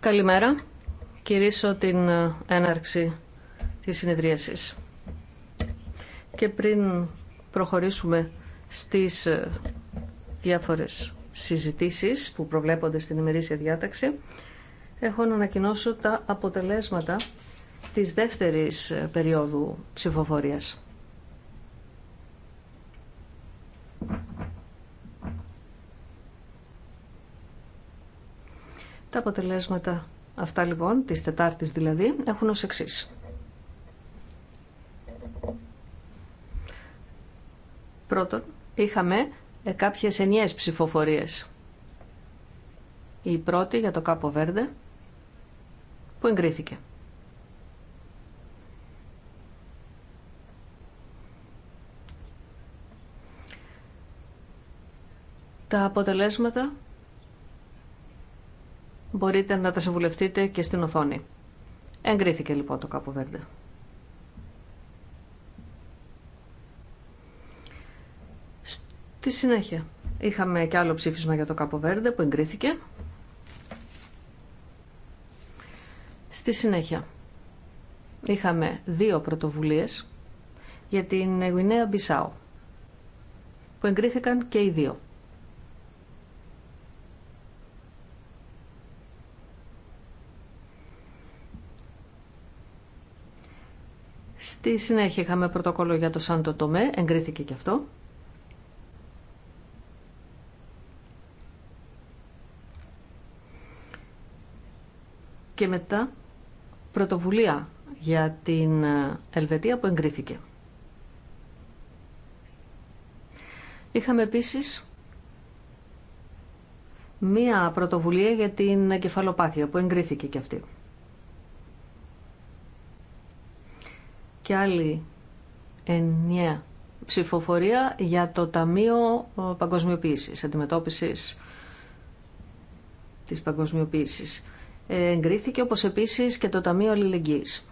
Καλημέρα. Κυρίσω την ε, έναρξη της συνεδρίασης. Και πριν προχωρήσουμε στις ε, διάφορες συζητήσεις που προβλέπονται στην ημερήσια διάταξη, έχω να ανακοινώσω τα αποτελέσματα της δεύτερης ε, περίοδου ψηφοφορίας. Τα αποτελέσματα αυτά λοιπόν, της Τετάρτης δηλαδή, έχουν ως εξής. Πρώτον, είχαμε ε, κάποιες ενιαίες ψηφοφορίες. Η πρώτη για το Κάπο Βέρντε, που εγκρίθηκε. Τα αποτελέσματα μπορείτε να τα συμβουλευτείτε και στην οθόνη. Εγκρίθηκε λοιπόν το Κάπο Βέρντε. Στη συνέχεια είχαμε και άλλο ψήφισμα για το Κάπο Βέρντε που εγκρίθηκε. Στη συνέχεια είχαμε δύο πρωτοβουλίες για την Γουινέα Μπισάου που εγκρίθηκαν και οι δύο. Στη συνέχεια είχαμε πρωτοκόλλο για το Σάντο Τομέ, εγκρίθηκε και αυτό. Και μετά πρωτοβουλία για την ε, Ελβετία που εγκρίθηκε. Είχαμε επίσης μία πρωτοβουλία για την κεφαλοπάθεια που εγκρίθηκε και αυτή. και άλλη ενιαία ψηφοφορία για το Ταμείο ε, Παγκοσμιοποίησης, αντιμετώπισης της παγκοσμιοποίησης. Ε, εγκρίθηκε όπως επίσης και το Ταμείο Αλληλεγγύης.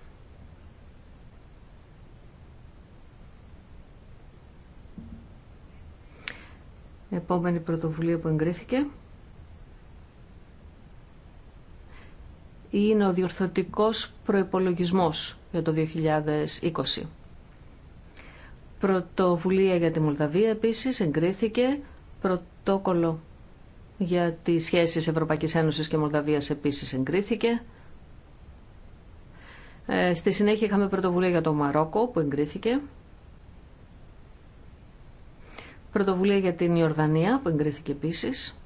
Επόμενη πρωτοβουλία που εγκρίθηκε είναι ο διορθωτικός προϋπολογισμός για το 2020. Πρωτοβουλία για τη Μολδαβία επίσης εγκρίθηκε, πρωτόκολλο για τις σχέσεις Ευρωπαϊκής Ένωσης και Μολδαβίας επίσης εγκρίθηκε. Ε, στη συνέχεια είχαμε πρωτοβουλία για το Μαρόκο που εγκρίθηκε. Πρωτοβουλία για την Ιορδανία που εγκρίθηκε επίσης.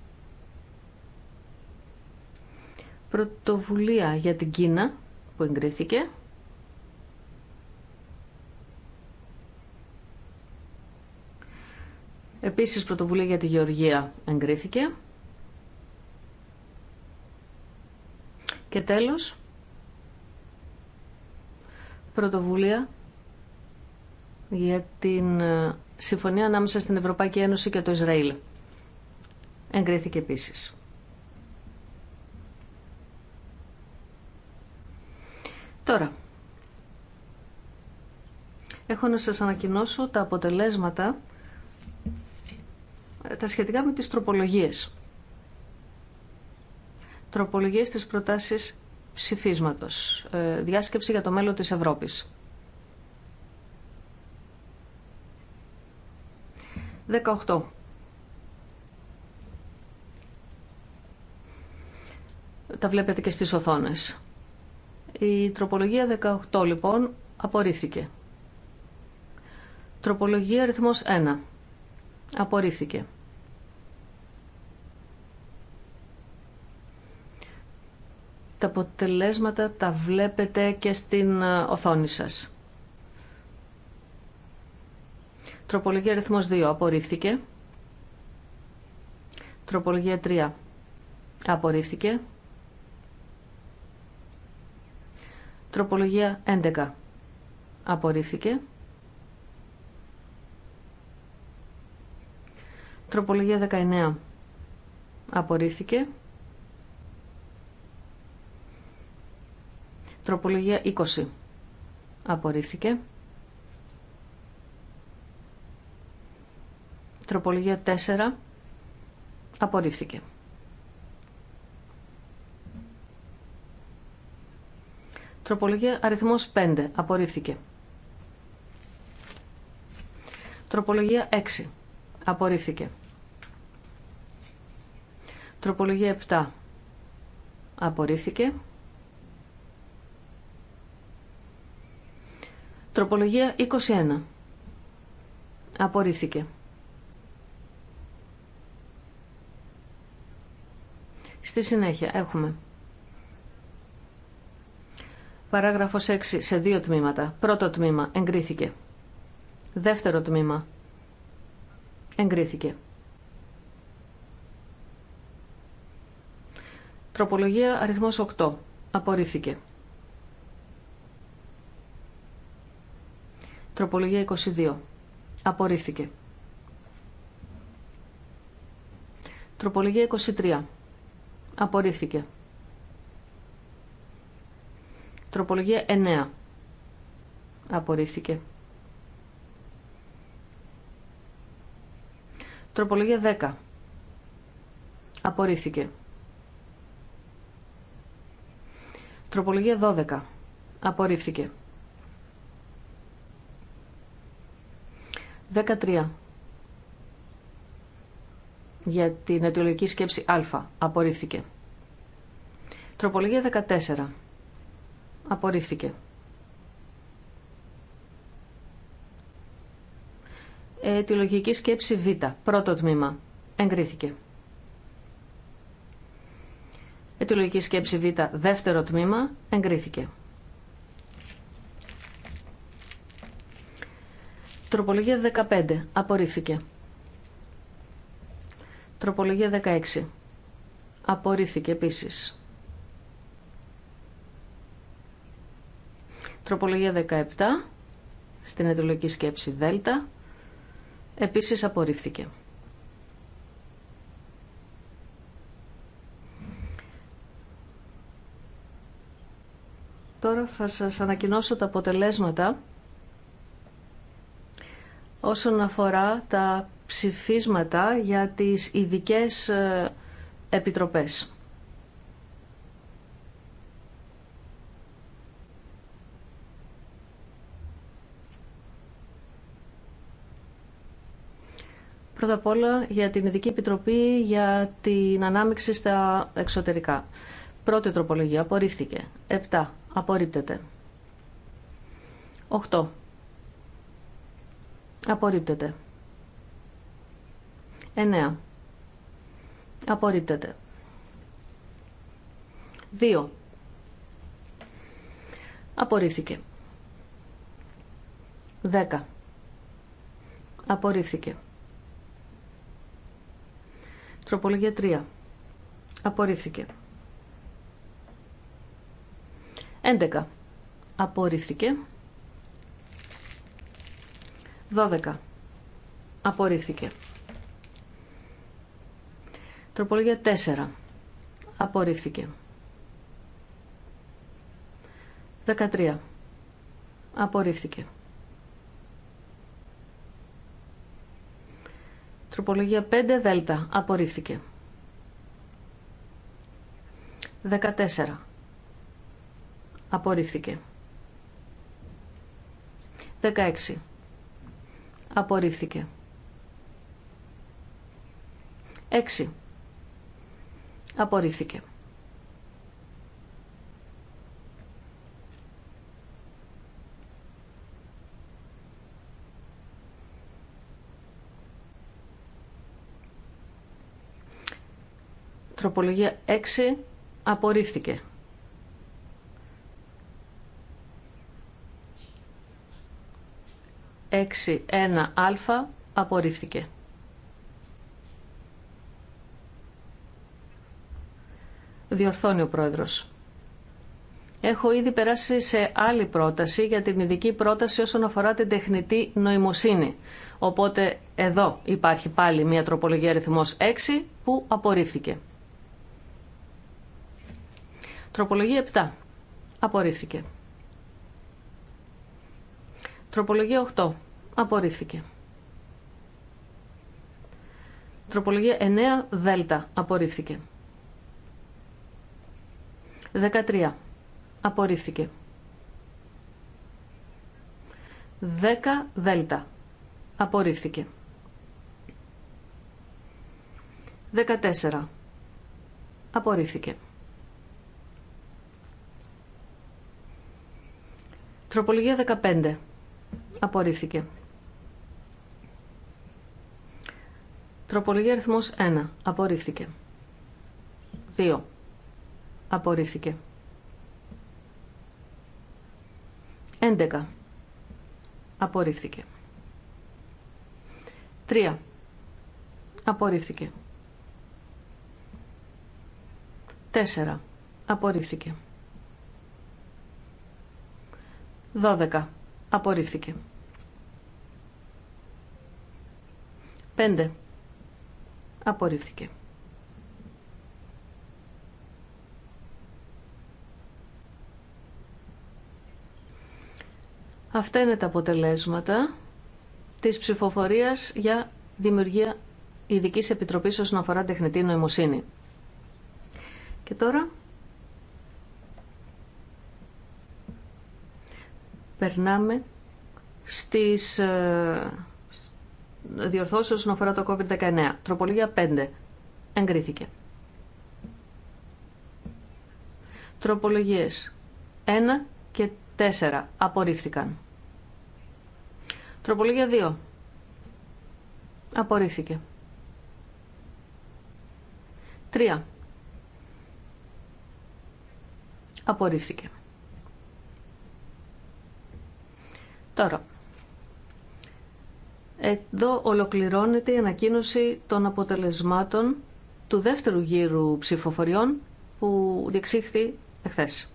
πρωτοβουλία για την Κίνα που εγκρίθηκε. Επίσης πρωτοβουλία για τη Γεωργία εγκρίθηκε. Και τέλος, πρωτοβουλία για την ε, συμφωνία ανάμεσα στην Ευρωπαϊκή Ένωση και το Ισραήλ. Εγκρίθηκε επίσης. Τώρα, έχω να σας ανακοινώσω τα αποτελέσματα ε, τα σχετικά με τις τροπολογίες. Τροπολογίες της προτάσεις ψηφίσματος. Ε, διάσκεψη για το μέλλον της Ευρώπης. 18. Τα βλέπετε και στις οθόνες. Η τροπολογία 18 λοιπόν απορρίφθηκε. Τροπολογία αριθμός 1 απορρίφθηκε. Τα αποτελέσματα τα βλέπετε και στην ε, οθόνη σας. Τροπολογία αριθμός 2 απορρίφθηκε. Τροπολογία 3 απορρίφθηκε. Τροπολογία 11. Απορρίφθηκε. Τροπολογία 19. Απορρίφθηκε. Τροπολογία 20. Απορρίφθηκε. Τροπολογία 4. Απορρίφθηκε. Τροπολογία αριθμός 5. Απορρίφθηκε. Τροπολογία 6. Απορρίφθηκε. Τροπολογία 7. Απορρίφθηκε. Τροπολογία 21. Απορρίφθηκε. Στη συνέχεια έχουμε Παράγραφος 6 σε δύο τμήματα. Πρώτο τμήμα εγκρίθηκε. Δεύτερο τμήμα εγκρίθηκε. Τροπολογία αριθμός 8. Απορρίφθηκε. Τροπολογία 22. Απορρίφθηκε. Τροπολογία 23. Απορρίφθηκε. Τροπολογία 9. Απορρίφθηκε. Τροπολογία 10. Απορρίφθηκε. Τροπολογία 12. Απορρίφθηκε. 13. Για την αιτιολογική σκέψη α. Απορρίφθηκε. Τροπολογία 14. Απορρίφθηκε. Αιτιολογική σκέψη Β. Πρώτο τμήμα. Εγκρίθηκε. Αιτιολογική σκέψη Β. Δεύτερο τμήμα. Εγκρίθηκε. Τροπολογία 15. Απορρίφθηκε. Τροπολογία 16. Απορρίφθηκε επίσης. Τροπολογία 17 στην αιτιολογική σκέψη Δ, επίσης απορρίφθηκε. Τώρα θα σας ανακοινώσω τα αποτελέσματα όσον αφορά τα ψηφίσματα για τις ειδικές ε, επιτροπές. Πρώτα απ' όλα για την Ειδική Επιτροπή για την ανάμειξη στα εξωτερικά. Πρώτη τροπολογία απορρίφθηκε. 7. Απορρίπτεται. 8. Απορρίπτεται. 9. Απορρίπτεται. 2. Απορρίφθηκε. 10. Απορρίφθηκε. Τροπολογία 3. Απορρίφθηκε. 11. Απορρίφθηκε. 12. Απορρίφθηκε. Τροπολογία 4. Απορρίφθηκε. 13. Απορρίφθηκε. Τροπολογία 5 δέλτα. Απορρίφθηκε. 14. Απορρίφθηκε. 16. Απορρίφθηκε. 6. Απορρίφθηκε. Τροπολογία 6 απορρίφθηκε. Έξι, ένα, αλφα, απορρίφθηκε. Διορθώνει ο πρόεδρος. Έχω ήδη περάσει σε άλλη πρόταση για την ειδική πρόταση όσον αφορά την τεχνητή νοημοσύνη. Οπότε εδώ υπάρχει πάλι μια τροπολογία αριθμός 6 που απορρίφθηκε. Τροπολογία 7. Απορρίφθηκε. Τροπολογία 8. Απορρίφθηκε. Τροπολογία 9 Δέλτα. Απορρίφθηκε. 13. Απορρίφθηκε. 10 Δέλτα. Απορρίφθηκε. 14. Απορρίφθηκε. Τροπολογία 15. Απορρίφθηκε. Τροπολογία αριθμός 1. Απορρίφθηκε. 2. Απορρίφθηκε. 11. Απορρίφθηκε. 3. Απορρίφθηκε. 4. Απορρίφθηκε. 12. Απορρίφθηκε. 5. Απορρίφθηκε. Αυτά είναι τα αποτελέσματα της ψηφοφορίας για δημιουργία ειδικής επιτροπής όσον αφορά τεχνητή νοημοσύνη. Και τώρα περνάμε στις ε, διορθώσεις όσον αφορά το COVID-19. Τροπολογία 5. Εγκρίθηκε. Τροπολογίες 1 και 4 απορρίφθηκαν. Τροπολογία 2. Απορρίφθηκε. 3. Απορρίφθηκε. Τώρα, εδώ ολοκληρώνεται η ανακοίνωση των αποτελεσμάτων του δεύτερου γύρου ψηφοφοριών που διεξήχθη εχθές.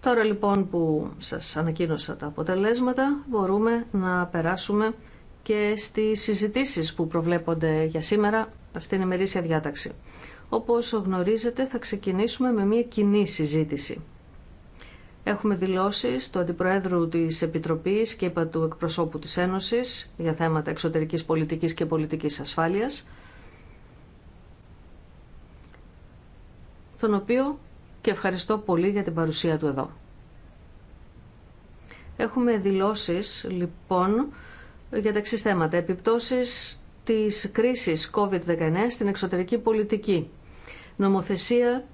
Τώρα λοιπόν που σας ανακοίνωσα τα αποτελέσματα μπορούμε να περάσουμε και στις συζητήσεις που προβλέπονται για σήμερα στην ημερήσια διάταξη. Όπως γνωρίζετε θα ξεκινήσουμε με μια κοινή συζήτηση Έχουμε δηλώσει του Αντιπροέδρου τη Επιτροπή και είπα του εκπροσώπου τη Ένωση για θέματα εξωτερική πολιτική και πολιτική ασφάλεια. Τον οποίο και ευχαριστώ πολύ για την παρουσία του εδώ. Έχουμε δηλώσεις λοιπόν για τα εξή θέματα. Επιπτώσεις της κρίσης COVID-19 στην εξωτερική πολιτική. Νομοθεσία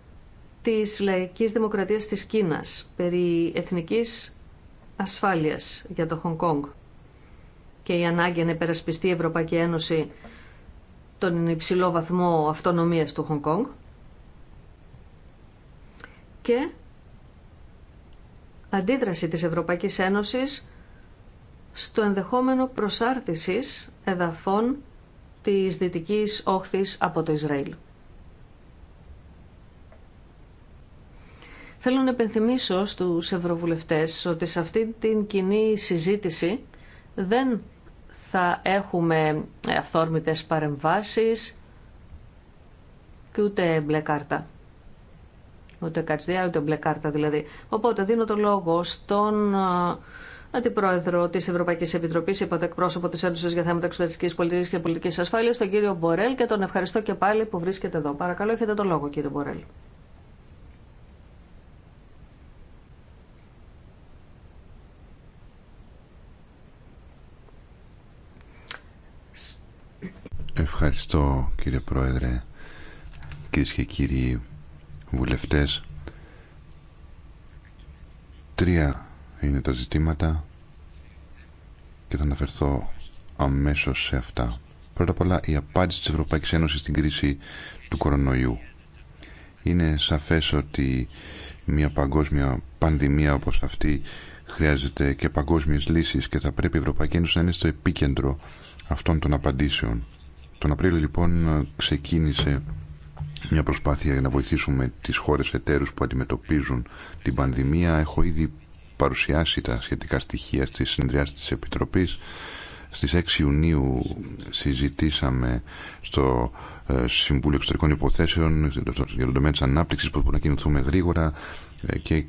της λαϊκής δημοκρατίας της Κίνας περί εθνικής ασφάλειας για το Χονγκ Κόγκ και η ανάγκη να υπερασπιστεί η Ευρωπαϊκή Ένωση τον υψηλό βαθμό αυτονομίας του Χονγκ Κόγκ και αντίδραση της Ευρωπαϊκής Ένωσης στο ενδεχόμενο προσάρτησης εδαφών της δυτικής όχθης από το Ισραήλ. Θέλω να επενθυμίσω στους ευρωβουλευτές ότι σε αυτή την κοινή συζήτηση δεν θα έχουμε αυθόρμητες παρεμβάσεις και ούτε μπλε κάρτα. Ούτε κατσδιά, ούτε μπλε κάρτα δηλαδή. Οπότε δίνω το λόγο στον Αντιπρόεδρο τη Ευρωπαϊκή Επιτροπή, είπατε εκπρόσωπο τη Ένωση για θέματα εξωτερική πολιτική και πολιτική ασφάλεια, τον κύριο Μπορέλ και τον ευχαριστώ και πάλι που βρίσκεται εδώ. Παρακαλώ, έχετε το λόγο, κύριε Μπορέλ. Ευχαριστώ κύριε Πρόεδρε, κυρίε και κύριοι βουλευτές. Τρία είναι τα ζητήματα και θα αναφερθώ αμέσως σε αυτά. Πρώτα απ' όλα η απάντηση της Ευρωπαϊκής Ένωσης στην κρίση του κορονοϊού. Είναι σαφές ότι μια παγκόσμια πανδημία όπως αυτή χρειάζεται και παγκόσμιες λύσεις και θα πρέπει η Ευρωπαϊκή Ένωση να είναι στο επίκεντρο αυτών των απαντήσεων. Τον Απρίλιο λοιπόν ξεκίνησε μια προσπάθεια για να βοηθήσουμε τις χώρες εταίρους που αντιμετωπίζουν την πανδημία. Έχω ήδη παρουσιάσει τα σχετικά στοιχεία στις συνεδριάσεις της Επιτροπής. Στις 6 Ιουνίου συζητήσαμε στο ε, Συμβούλιο Εξωτερικών Υποθέσεων για τον τομέα της ανάπτυξης που μπορούμε να κινηθούμε γρήγορα ε, και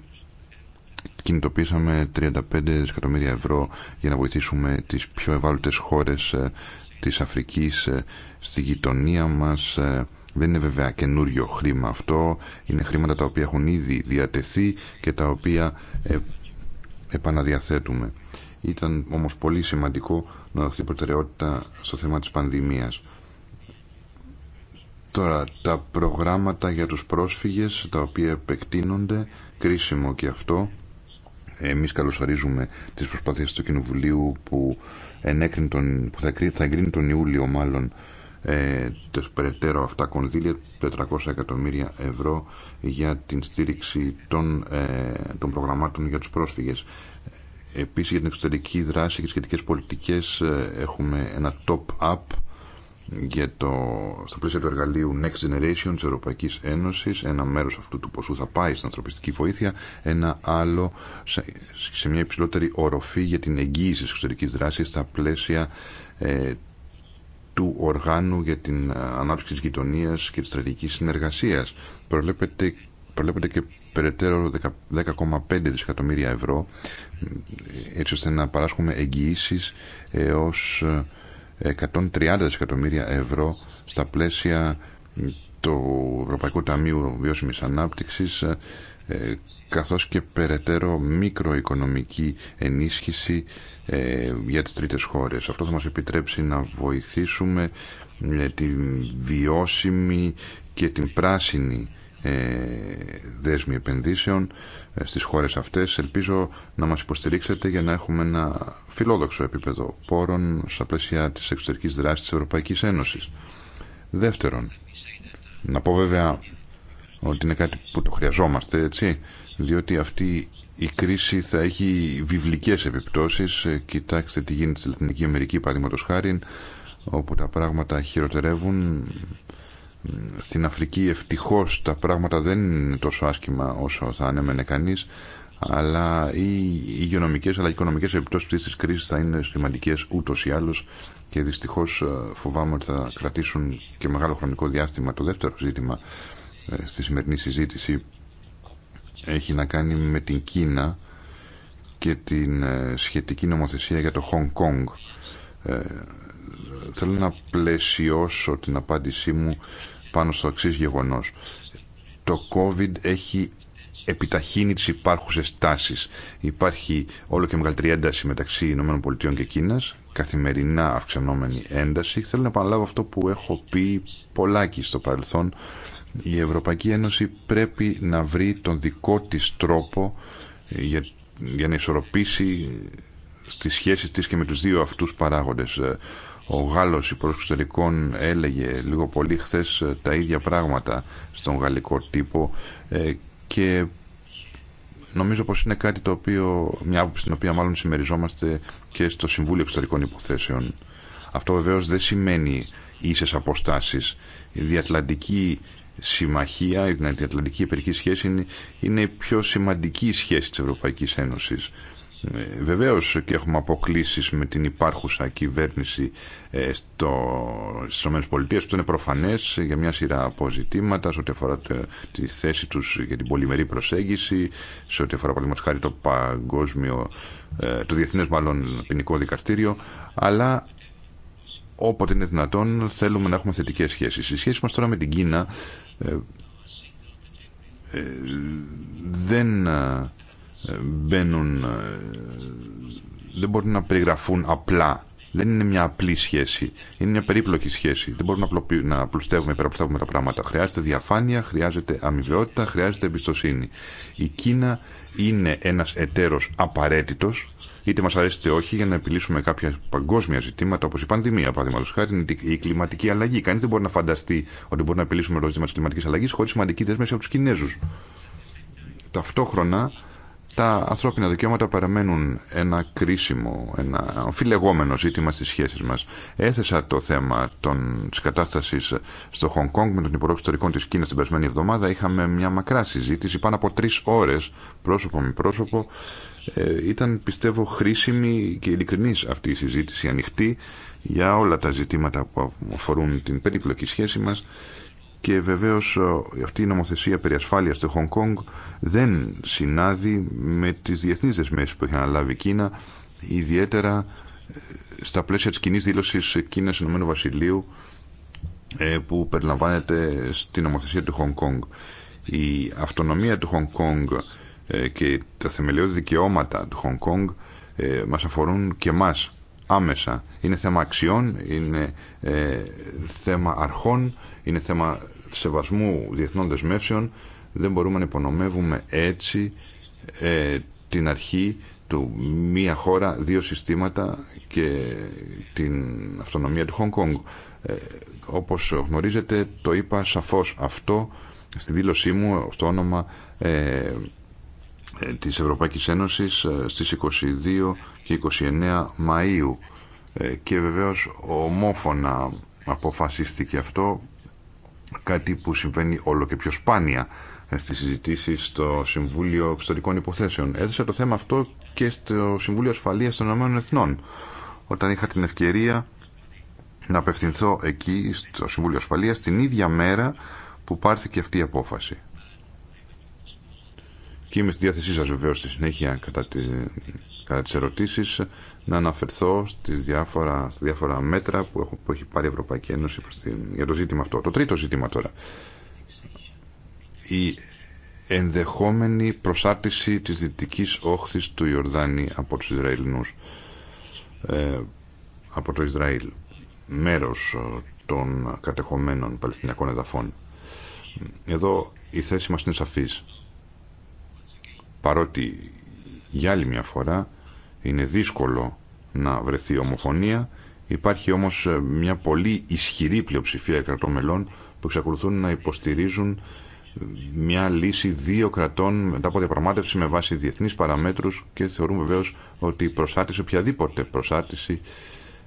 κινητοποίησαμε 35 δισεκατομμύρια ευρώ για να βοηθήσουμε τις πιο ευάλωτες χώρες ε, της Αφρικής ε, στη γειτονία μας. Ε, δεν είναι βέβαια καινούριο χρήμα αυτό. Είναι χρήματα τα οποία έχουν ήδη διατεθεί και τα οποία ε, επαναδιαθέτουμε. Ήταν όμως πολύ σημαντικό να δοθεί προτεραιότητα στο θέμα της πανδημίας. Τώρα, τα προγράμματα για τους πρόσφυγες, τα οποία επεκτείνονται, κρίσιμο και αυτό. Εμείς καλωσορίζουμε τις προσπάθειες του Κοινοβουλίου που ενέκρινε τον, που θα, θα εγκρίνει τον Ιούλιο μάλλον ε, το περαιτέρω αυτά κονδύλια 400 εκατομμύρια ευρώ για την στήριξη των, ε, των προγραμμάτων για τους πρόσφυγες. Επίσης για την εξωτερική δράση και σχετικές πολιτικές ε, έχουμε ένα top-up για το, στα πλαίσια του εργαλείου Next Generation της Ευρωπαϊκής Ένωσης ένα μέρος αυτού του ποσού θα πάει στην ανθρωπιστική βοήθεια ένα άλλο σε, μια υψηλότερη οροφή για την εγγύηση της εξωτερικής δράσης στα πλαίσια ε, του οργάνου για την ε, ανάπτυξη της γειτονίας και της στρατηγικής συνεργασίας προβλέπεται, και περαιτέρω 10,5 δισεκατομμύρια ευρώ ε, έτσι ώστε να παράσχουμε εγγυήσεις έως 130 δισεκατομμύρια ευρώ στα πλαίσια του Ευρωπαϊκού Ταμείου Βιώσιμης Ανάπτυξης ε, καθώς και περαιτέρω μικροοικονομική ενίσχυση ε, για τις τρίτες χώρες. Αυτό θα μας επιτρέψει να βοηθήσουμε ε, τη βιώσιμη και την πράσινη ε, δέσμοι επενδύσεων ε, στις χώρες αυτές. Ελπίζω να μας υποστηρίξετε για να έχουμε ένα φιλόδοξο επίπεδο πόρων στα πλαίσια της εξωτερικής δράσης της Ευρωπαϊκής Ένωσης. Δεύτερον, να πω βέβαια ότι είναι κάτι που το χρειαζόμαστε, έτσι, διότι αυτή η κρίση θα έχει βιβλικές επιπτώσεις. Ε, κοιτάξτε τι γίνεται στη Λατινική Αμερική, παραδείγματος χάρη, όπου τα πράγματα χειροτερεύουν στην Αφρική ευτυχώς τα πράγματα δεν είναι τόσο άσχημα όσο θα ανέμενε κανείς αλλά οι υγειονομικές αλλά οι οικονομικές επιπτώσεις αυτής της κρίσης θα είναι σημαντικές ούτως ή άλλως και δυστυχώς ε, φοβάμαι ότι θα κρατήσουν και μεγάλο χρονικό διάστημα. Το δεύτερο ζήτημα ε, στη σημερινή συζήτηση έχει να κάνει με την Κίνα και την ε, σχετική νομοθεσία για το Χονγκ Κόνγκ. Θέλω να πλαισιώσω την απάντησή μου πάνω στο εξή γεγονός. Το COVID έχει επιταχύνει τις υπάρχουσες τάσει. Υπάρχει όλο και μεγαλύτερη ένταση μεταξύ ΗΠΑ και Κίνας, καθημερινά αυξανόμενη ένταση. Θέλω να επαναλάβω αυτό που έχω πει πολλάκι στο παρελθόν. Η Ευρωπαϊκή Ένωση πρέπει να βρει τον δικό της τρόπο για, για να ισορροπήσει στη σχέσεις της και με τους δύο αυτούς παράγοντες. Ο Γάλλος υπουργό εξωτερικών έλεγε λίγο πολύ χθε ε, τα ίδια πράγματα στον γαλλικό τύπο ε, και νομίζω πως είναι κάτι το οποίο, μια άποψη την οποία μάλλον συμμεριζόμαστε και στο Συμβούλιο Εξωτερικών Υποθέσεων. Αυτό βεβαίως δεν σημαίνει ίσες αποστάσεις. Η διατλαντική συμμαχία, η διατλαντική υπερική σχέση είναι, είναι η πιο σημαντική σχέση της Ευρωπαϊκής Ένωσης. Ε, βεβαίως και έχουμε αποκλήσει με την υπάρχουσα κυβέρνηση ε, στο, ΗΠΑ. Αυτό είναι προφανές για μια σειρά αποζητήματα σε ό,τι αφορά τη θέση τους για την πολυμερή προσέγγιση, σε ό,τι αφορά παραδείγματο χάρη το παγκόσμιο, ε, το διεθνές μάλλον ποινικό δικαστήριο, αλλά όποτε είναι δυνατόν θέλουμε να έχουμε θετικέ σχέσει. Η σχέση μα τώρα με την Κίνα δεν μπαίνουν, ε, δεν μπορούν να περιγραφούν απλά. Δεν είναι μια απλή σχέση. Είναι μια περίπλοκη σχέση. Δεν μπορούμε να απλουστεύουμε, υπεραπλουστεύουμε τα πράγματα. Χρειάζεται διαφάνεια, χρειάζεται αμοιβαιότητα, χρειάζεται εμπιστοσύνη. Η Κίνα είναι ένας εταίρος απαραίτητος, είτε μας αρέσει είτε όχι, για να επιλύσουμε κάποια παγκόσμια ζητήματα, όπως η πανδημία, παραδείγματος χάρη, η κλιματική αλλαγή. Κανείς δεν μπορεί να φανταστεί ότι μπορούμε να επιλύσουμε το ζήτημα της κλιματικής αλλαγής χωρίς σημαντική δέσμευση από τους Κινέζους. Ταυτόχρονα, τα ανθρώπινα δικαιώματα παραμένουν ένα κρίσιμο, ένα αμφιλεγόμενο ζήτημα στις σχέσεις μας. Έθεσα το θέμα των, της κατάστασης στο Χονγκ Κόνγκ με τον Υπουργό Εξωτερικών της Κίνας την περασμένη εβδομάδα. Είχαμε μια μακρά συζήτηση, πάνω από τρεις ώρες, πρόσωπο με πρόσωπο. Ε, ήταν πιστεύω χρήσιμη και ειλικρινής αυτή η συζήτηση, ανοιχτή για όλα τα ζητήματα που αφορούν την περιπλοκή σχέση μας και βεβαίως ε, αυτή η νομοθεσία περί ασφάλειας στο Χονγκ Κονγκ δεν συνάδει με τις διεθνείς δεσμεύσεις που έχει αναλάβει η Κίνα ιδιαίτερα ε, στα πλαίσια της κοινή δήλωσης Κίνας Ηνωμένου Βασιλείου ε, που περιλαμβάνεται στην νομοθεσία του Χονγκ Κονγκ. Η αυτονομία του Χονγκ Κονγκ και τα θεμελιώδη δικαιώματα του Χονγκ Κονγκ μας αφορούν και εμά άμεσα. Είναι θέμα αξιών, είναι θέμα αρχών, είναι θέμα σεβασμού διεθνών δεσμεύσεων δεν μπορούμε να υπονομεύουμε έτσι ε, την αρχή του μία χώρα, δύο συστήματα και την αυτονομία του Χονγκ Κόνγκ. Ε, όπως γνωρίζετε το είπα σαφώς αυτό στη δήλωσή μου στο όνομα ε, της Ευρωπαϊκής Ένωσης στις 22 και 29 Μαΐου και βεβαίως ομόφωνα αποφασίστηκε αυτό κάτι που συμβαίνει όλο και πιο σπάνια στις συζητήσεις στο Συμβούλιο Εξωτερικών Υποθέσεων. Έδωσα το θέμα αυτό και στο Συμβούλιο Ασφαλείας των Ηνωμένων Εθνών όταν είχα την ευκαιρία να απευθυνθώ εκεί στο Συμβούλιο Ασφαλείας την ίδια μέρα που πάρθηκε αυτή η απόφαση. Και είμαι στη διάθεσή σας βεβαίως στη συνέχεια κατά τη κατά τις να αναφερθώ στις διάφορα, διάφορα μέτρα που, έχω, που έχει πάρει η Ευρωπαϊκή Ένωση για το ζήτημα αυτό. Το τρίτο ζήτημα τώρα. Η ενδεχόμενη προσάρτηση της δυτικής όχθης του Ιορδάνη από τους Ισραηλινούς ε, από το Ισραήλ μέρος ε, των κατεχομένων Παλαιστινιακών εδαφών. Εδώ η θέση μας είναι σαφής. Παρότι για άλλη μια φορά είναι δύσκολο να βρεθεί ομοφωνία. Υπάρχει όμως ε, μια πολύ ισχυρή πλειοψηφία κρατών μελών που εξακολουθούν να υποστηρίζουν ε, μια λύση δύο κρατών μετά από διαπραγμάτευση με βάση διεθνείς παραμέτρους και θεωρούν βεβαίως ότι η προσάρτηση, οποιαδήποτε προσάρτηση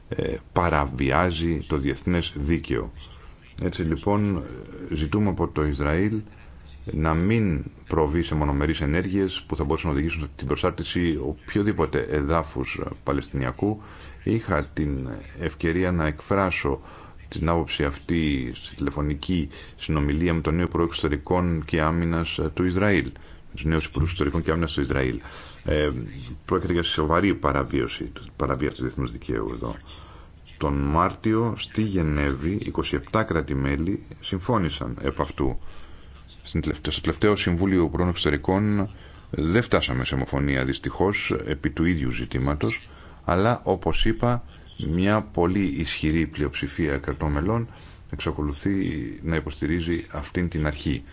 ε, παραβιάζει το διεθνές δίκαιο. Έτσι λοιπόν ζητούμε από το Ισραήλ να μην προβεί σε μονομερείς ενέργειες που θα μπορούσαν να οδηγήσουν την προσάρτηση οποιοδήποτε εδάφους Παλαιστινιακού. Είχα την ευκαιρία να εκφράσω την άποψη αυτή στη τηλεφωνική συνομιλία με τον νέο Υπουργό Εξωτερικών και Άμυνα του Ισραήλ. Του νέου Υπουργού Εξωτερικών και Άμυνα του Ισραήλ. Ε, πρόκειται για σοβαρή παραβίωση, παραβίαση του διεθνού δικαίου εδώ. Τον Μάρτιο στη Γενέβη 27 κράτη-μέλη συμφώνησαν επ' αυτού. Στο τελευταίο Συμβούλιο Υπουργών Εξωτερικών δεν φτάσαμε σε ομοφωνία δυστυχώς επί του ίδιου ζητήματος, αλλά όπως είπα μια πολύ ισχυρή πλειοψηφία κρατών μελών εξακολουθεί να υποστηρίζει αυτήν την αρχή.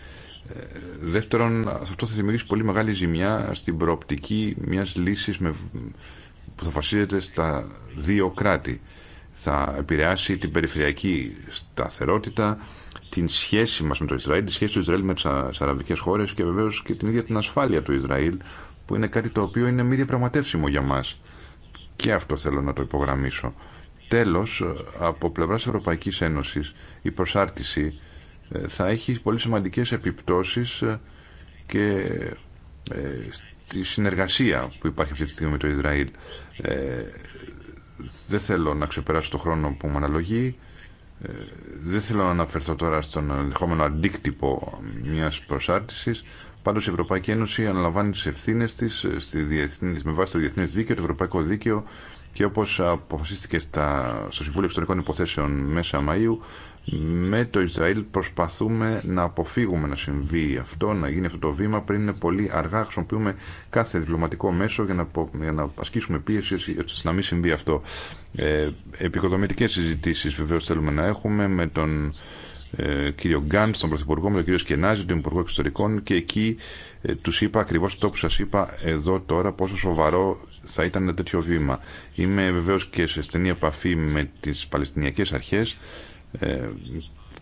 Ε, δεύτερον, αυτό θα δημιουργήσει πολύ μεγάλη ζημιά στην προοπτική μιας λύσης με, που θα βασίζεται στα δύο κράτη θα επηρεάσει την περιφερειακή σταθερότητα, την σχέση μας με το Ισραήλ, τη σχέση του Ισραήλ με τις αραβικές χώρες και βεβαίως και την ίδια την ασφάλεια του Ισραήλ που είναι κάτι το οποίο είναι μη διαπραγματεύσιμο για μας. Και αυτό θέλω να το υπογραμμίσω. Τέλος, από πλευράς Ευρωπαϊκής Ένωσης η προσάρτηση ε, θα έχει πολύ σημαντικές επιπτώσεις ε, και ε, στη συνεργασία που υπάρχει αυτή τη στιγμή με το Ισραήλ δεν θέλω να ξεπεράσω το χρόνο που μου αναλογεί. Ε, δεν θέλω να αναφερθώ τώρα στον ενδεχόμενο αντίκτυπο μια προσάρτηση. Πάντω η Ευρωπαϊκή Ένωση αναλαμβάνει τι ευθύνε τη ε, με βάση το διεθνέ δίκαιο, το ευρωπαϊκό δίκαιο και όπω αποφασίστηκε στα, στο Συμβούλιο Εξωτερικών Υποθέσεων μέσα Μαΐου, με το Ισραήλ προσπαθούμε να αποφύγουμε να συμβεί αυτό, να γίνει αυτό το βήμα πριν είναι πολύ αργά. Χρησιμοποιούμε κάθε διπλωματικό μέσο για να, για να ασκήσουμε πίεση ώστε να μην συμβεί αυτό. Ε, επικοδομητικές συζητήσεις βεβαίως θέλουμε να έχουμε με τον ε, κύριο Γκάντ, τον Πρωθυπουργό, με τον κύριο Σκενάζη, τον Υπουργό Εξωτερικών και εκεί ε, τους είπα ακριβώ το που σας είπα εδώ τώρα πόσο σοβαρό θα ήταν ένα τέτοιο βήμα. Είμαι βεβαίω και σε στενή επαφή με τι παλαιστινιακέ αρχέ. Ε,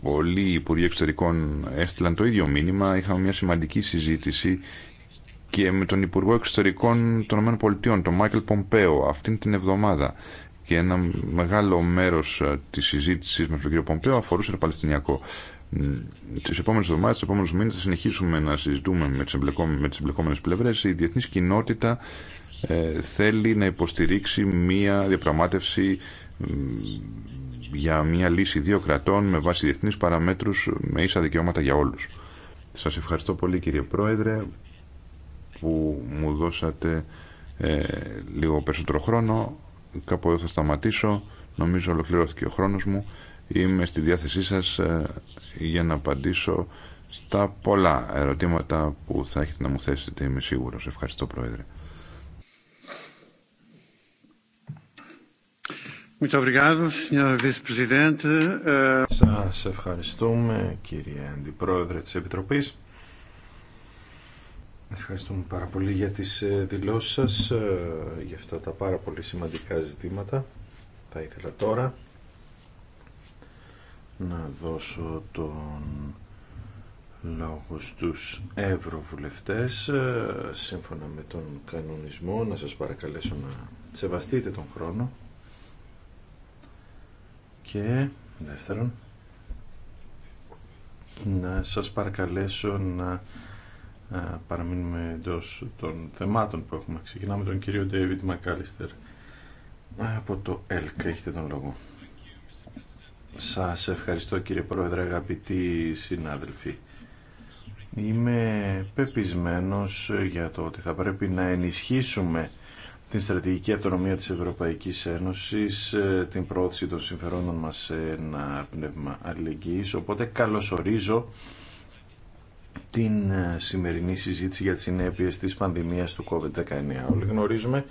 πολλοί Υπουργοί Εξωτερικών έστειλαν το ίδιο μήνυμα. Είχαμε μια σημαντική συζήτηση και με τον Υπουργό Εξωτερικών των ΗΠΑ, τον Μάικλ Πομπέο, αυτήν την εβδομάδα. Και ένα μεγάλο μέρο ε, τη συζήτηση με τον κύριο Πομπέο αφορούσε το Παλαιστινιακό. Τι επόμενε εβδομάδε, του επόμενου μήνε θα συνεχίσουμε να συζητούμε με τι εμπλεκόμενε πλευρέ. Η διεθνή κοινότητα ε, θέλει να υποστηρίξει μία διαπραγμάτευση για μια λύση δύο κρατών με βάση διεθνείς παραμέτρους με ίσα δικαιώματα για όλους. Σας ευχαριστώ πολύ κύριε Πρόεδρε που μου δώσατε ε, λίγο περισσότερο χρόνο. Κάπου εδώ θα σταματήσω. Νομίζω ολοκληρώθηκε ο χρόνος μου. Είμαι στη διάθεσή σας ε, για να απαντήσω στα πολλά ερωτήματα που θα έχετε να μου θέσετε. Είμαι σίγουρος. Ευχαριστώ Πρόεδρε. Σας ευχαριστούμε κύριε Αντιπρόεδρε της Επιτροπής. Ευχαριστούμε πάρα πολύ για τις ε, δηλώσεις σας, ε, για αυτά τα πάρα πολύ σημαντικά ζητήματα. Θα ήθελα τώρα να δώσω τον λόγο στους ευρωβουλευτές ε, σύμφωνα με τον κανονισμό να σας παρακαλέσω να σεβαστείτε τον χρόνο και δεύτερον, να σας παρακαλέσω να παραμείνουμε εντό των θεμάτων που έχουμε. Ξεκινάμε τον κύριο David Μακάλιστερ από το ΕΛΚ. Έχετε τον λόγο. Σας ευχαριστώ κύριε Πρόεδρε, αγαπητοί συνάδελφοι. Είμαι πεπισμένος για το ότι θα πρέπει να ενισχύσουμε την στρατηγική αυτονομία της Ευρωπαϊκής Ένωσης, ε, την πρόθεση των συμφερόντων μας σε ένα πνεύμα αλληλεγγύης. Οπότε καλωσορίζω την ε, σημερινή συζήτηση για τις συνέπειες της πανδημίας του COVID-19. Όλοι γνωρίζουμε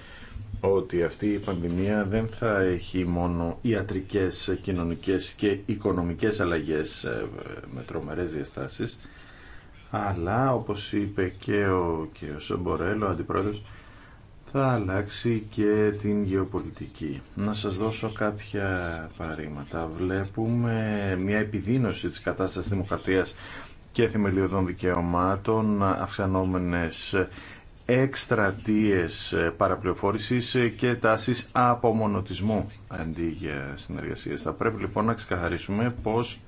ότι αυτή η πανδημία δεν θα έχει μόνο ιατρικές, κοινωνικές και οικονομικές αλλαγές ε, με τρομερές διαστάσεις, αλλά όπως είπε και ο κ. ο αντιπρόεδρος, θα αλλάξει και την γεωπολιτική. Να σας δώσω κάποια παραδείγματα. Βλέπουμε μια επιδείνωση της κατάστασης δημοκρατίας και θεμελιωδών δικαιωμάτων, αυξανόμενες εκστρατείες παραπληροφόρησης και τάσεις απομονωτισμού αντί για συνεργασίες. Θα πρέπει λοιπόν να ξεκαθαρίσουμε πως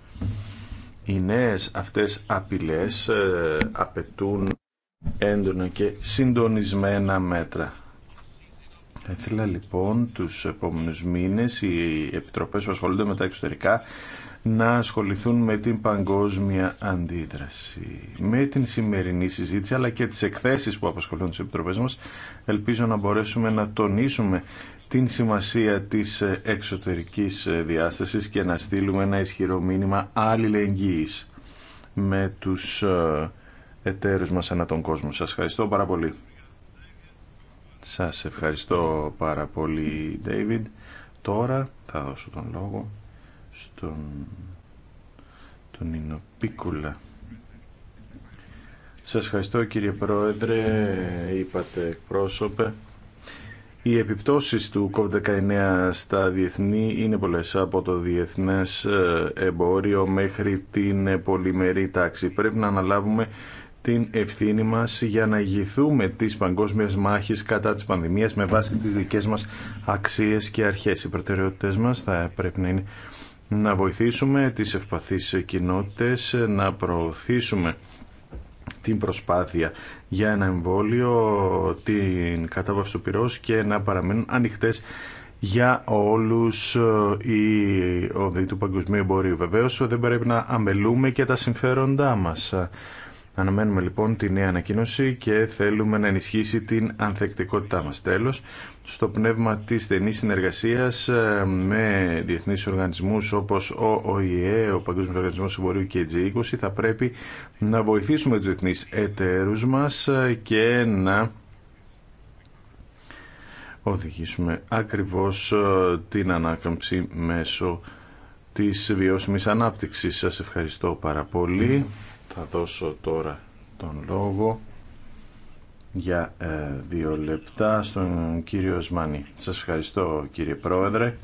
οι νέες αυτές απειλές ε, απαιτούν έντονα και συντονισμένα μέτρα. Θα ήθελα λοιπόν τους επόμενους μήνες οι επιτροπές που ασχολούνται με τα εξωτερικά να ασχοληθούν με την παγκόσμια αντίδραση. Με την σημερινή συζήτηση αλλά και τις εκθέσεις που απασχολούν τις επιτροπές μας ελπίζω να μπορέσουμε να τονίσουμε την σημασία της εξωτερικής διάστασης και να στείλουμε ένα ισχυρό μήνυμα αλληλεγγύης με τους ε, εταίρους μας ανά τον κόσμο. Σας ευχαριστώ πάρα πολύ. Σας ευχαριστώ πάρα πολύ, David. Τώρα θα δώσω τον λόγο στον τον Ινοπίκουλα. Σας ευχαριστώ κύριε Πρόεδρε, είπατε πρόσωπε. Οι επιπτώσεις του covid 19 στα διεθνή είναι πολλές από το διεθνές ε, εμπόριο μέχρι την πολυμερή τάξη. Πρέπει να αναλάβουμε την ευθύνη μας για να ηγηθούμε τις παγκόσμιες μάχες κατά της πανδημίας με βάση τις δικές μας αξίες και αρχές. Οι προτεραιότητες μας θα πρέπει να είναι να βοηθήσουμε τις ευπαθείς κοινότητες, να προωθήσουμε την προσπάθεια για ένα εμβόλιο, την κατάβαση του πυρός και να παραμείνουν ανοιχτές για όλους οι οδοί του παγκοσμίου εμπορίου. Βεβαίως δεν πρέπει να αμελούμε και τα συμφέροντά μας. Αναμένουμε λοιπόν τη νέα ανακοίνωση και θέλουμε να ενισχύσει την ανθεκτικότητά μας. Τέλος, στο πνεύμα της στενής συνεργασίας ε, με διεθνείς οργανισμούς όπως ο ΟΗΕ, ο Παγκόσμιος Οργανισμός Εμπορίου και η G20 θα πρέπει να βοηθήσουμε τους διεθνείς εταίρους μας ε, και να οδηγήσουμε ακριβώς ε, την ανάκαμψη μέσω της βιώσιμης ανάπτυξης. Σας ευχαριστώ πάρα πολύ. Θα δώσω τώρα τον λόγο για ε, δύο λεπτά στον κύριο Σμάνη. Σας ευχαριστώ κύριε Πρόεδρε.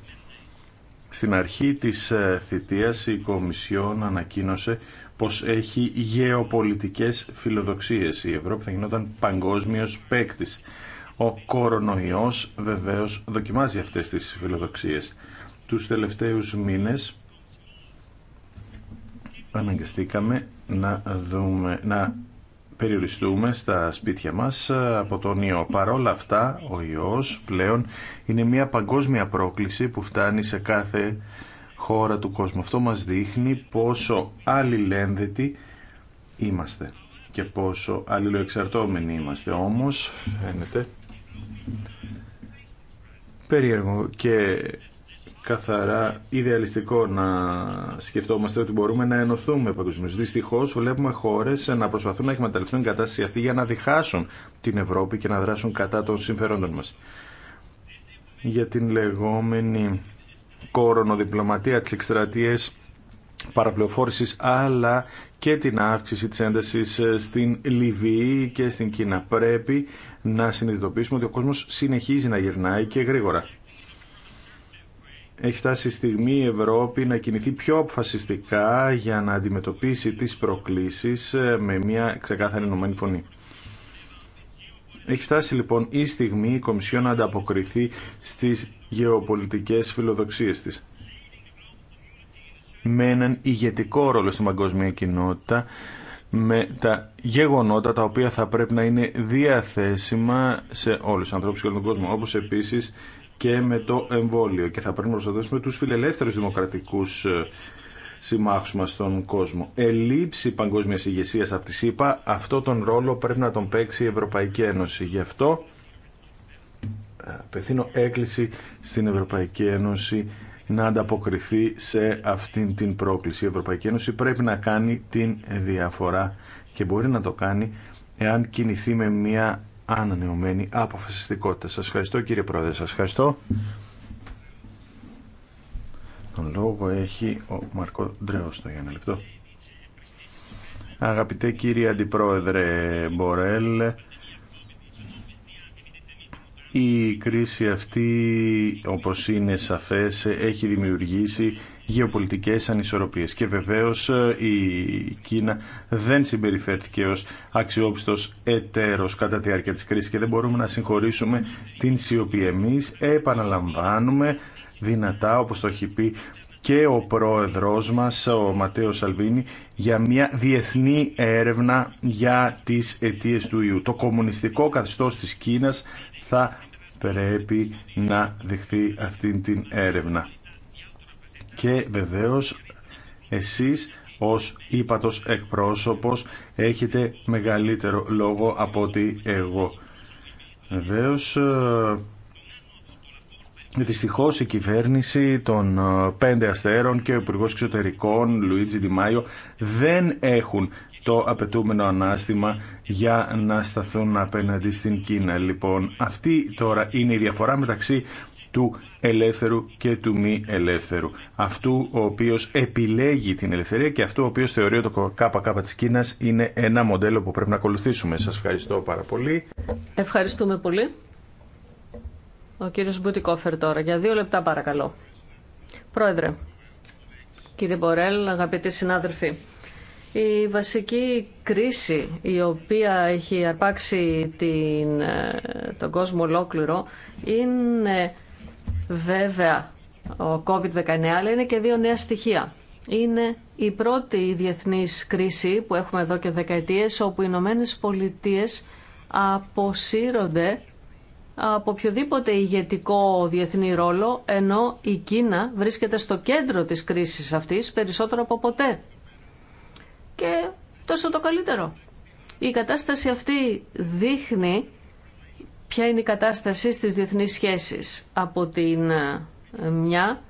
Στην αρχή της ε, θητείας η Κομισιόν ανακοίνωσε πως έχει γεωπολιτικές φιλοδοξίες. Η Ευρώπη θα γινόταν παγκόσμιος παίκτη. Ο κορονοϊός βεβαίως δοκιμάζει αυτές τις φιλοδοξίες. Τους τελευταίους μήνες αναγκαστήκαμε να, δούμε, να περιοριστούμε στα σπίτια μας ε, από τον ιό. Παρόλα αυτά, ο ιός πλέον είναι μια παγκόσμια πρόκληση που φτάνει σε κάθε χώρα του κόσμου. Αυτό μας δείχνει πόσο αλληλένδετοι είμαστε και πόσο αλληλοεξαρτώμενοι είμαστε. Όμως, φαίνεται περίεργο και καθαρά ιδεαλιστικό να σκεφτόμαστε ότι μπορούμε να ενωθούμε παγκοσμίω. Δυστυχώ βλέπουμε χώρε να προσπαθούν να εκμεταλλευτούν την κατάσταση αυτή για να διχάσουν την Ευρώπη και να δράσουν κατά των συμφερόντων μα. Για την λεγόμενη κορονοδιπλωματία τη εκστρατεία παραπληροφόρηση, αλλά και την αύξηση της έντασης στην Λιβύη και στην Κίνα. Πρέπει να συνειδητοποιήσουμε ότι ο κόσμος συνεχίζει να γυρνάει και γρήγορα έχει φτάσει η στιγμή η Ευρώπη να κινηθεί πιο αποφασιστικά για να αντιμετωπίσει τις προκλήσεις ε, με μια ξεκάθαρη ενωμένη φωνή. Έχει φτάσει λοιπόν η στιγμή η Κομισιόν να ανταποκριθεί στις γεωπολιτικές φιλοδοξίες της. Με έναν ηγετικό ρόλο στην παγκόσμια κοινότητα, με τα γεγονότα τα οποία θα πρέπει να είναι διαθέσιμα σε όλους τους ανθρώπους και όλον τον κόσμο, όπως επίσης και με το εμβόλιο και θα πρέπει να προστατεύσουμε τους φιλελεύθερους δημοκρατικούς ε, συμμάχους μας στον κόσμο. Ελήψη παγκόσμια ηγεσία από τη ΣΥΠΑ, αυτό τον ρόλο πρέπει να τον παίξει η Ευρωπαϊκή Ένωση. Γι' αυτό ε, απευθύνω έκκληση στην Ευρωπαϊκή Ένωση να ανταποκριθεί σε αυτήν την πρόκληση. Η Ευρωπαϊκή Ένωση πρέπει να κάνει την διαφορά και μπορεί να το κάνει εάν κινηθεί με μια ανανεωμένη αποφασιστικότητα. Σας ευχαριστώ κύριε Πρόεδρε, σας ευχαριστώ. Τον λόγο έχει ο Μαρκό Ντρέωστο για ένα λεπτό. Αγαπητέ κύριε Αντιπρόεδρε Μπορέλ, η κρίση αυτή, όπως είναι σαφές, έχει δημιουργήσει γεωπολιτικές ανισορροπίες. Και βεβαίως ε, η Κίνα δεν συμπεριφέρθηκε ως αξιόπιστος εταίρος κατά τη διάρκεια της κρίσης και δεν μπορούμε να συγχωρήσουμε την σιωπή. Εμείς επαναλαμβάνουμε δυνατά, όπως το έχει πει και ο πρόεδρός μας, ο Ματέο Σαλβίνη, για μια διεθνή έρευνα για τις αιτίες του ιού. Το κομμουνιστικό καθεστώς της Κίνας θα πρέπει να δεχθεί αυτή την έρευνα και βεβαίως εσείς ως ύπατος εκπρόσωπος έχετε μεγαλύτερο λόγο από ότι εγώ. Βεβαίως ε, Δυστυχώ η κυβέρνηση των ε, Πέντε Αστέρων και ο Υπουργό Εξωτερικών Λουίτζι Δημάιο δεν έχουν το απαιτούμενο ανάστημα για να σταθούν απέναντι στην Κίνα. Λοιπόν, αυτή τώρα είναι η διαφορά μεταξύ του ελεύθερου και του μη ελεύθερου. Αυτού ο οποίος επιλέγει την ελευθερία και αυτού ο οποίος θεωρεί ότι το ΚΚ της Κίνας είναι ένα μοντέλο που πρέπει να ακολουθήσουμε. Σας ευχαριστώ πάρα πολύ. Ευχαριστούμε πολύ. Ο κύριος Μπουτικόφερ τώρα. Για δύο λεπτά παρακαλώ. Πρόεδρε, κύριε Μπορέλ, αγαπητοί συνάδελφοι. Η βασική κρίση η οποία έχει αρπάξει την, ε, τον κόσμο ολόκληρο είναι Βέβαια, ο COVID-19 αλλά είναι και δύο νέα στοιχεία. Είναι η πρώτη διεθνής κρίση που έχουμε εδώ και δεκαετίες όπου οι Ηνωμένε Πολιτείε αποσύρονται από οποιοδήποτε ηγετικό διεθνή ρόλο ενώ η Κίνα βρίσκεται στο κέντρο της κρίσης αυτής περισσότερο από ποτέ. Και τόσο το καλύτερο. Η κατάσταση αυτή δείχνει ποια είναι η κατάσταση στις διεθνείς σχέσεις. Από την ε, μια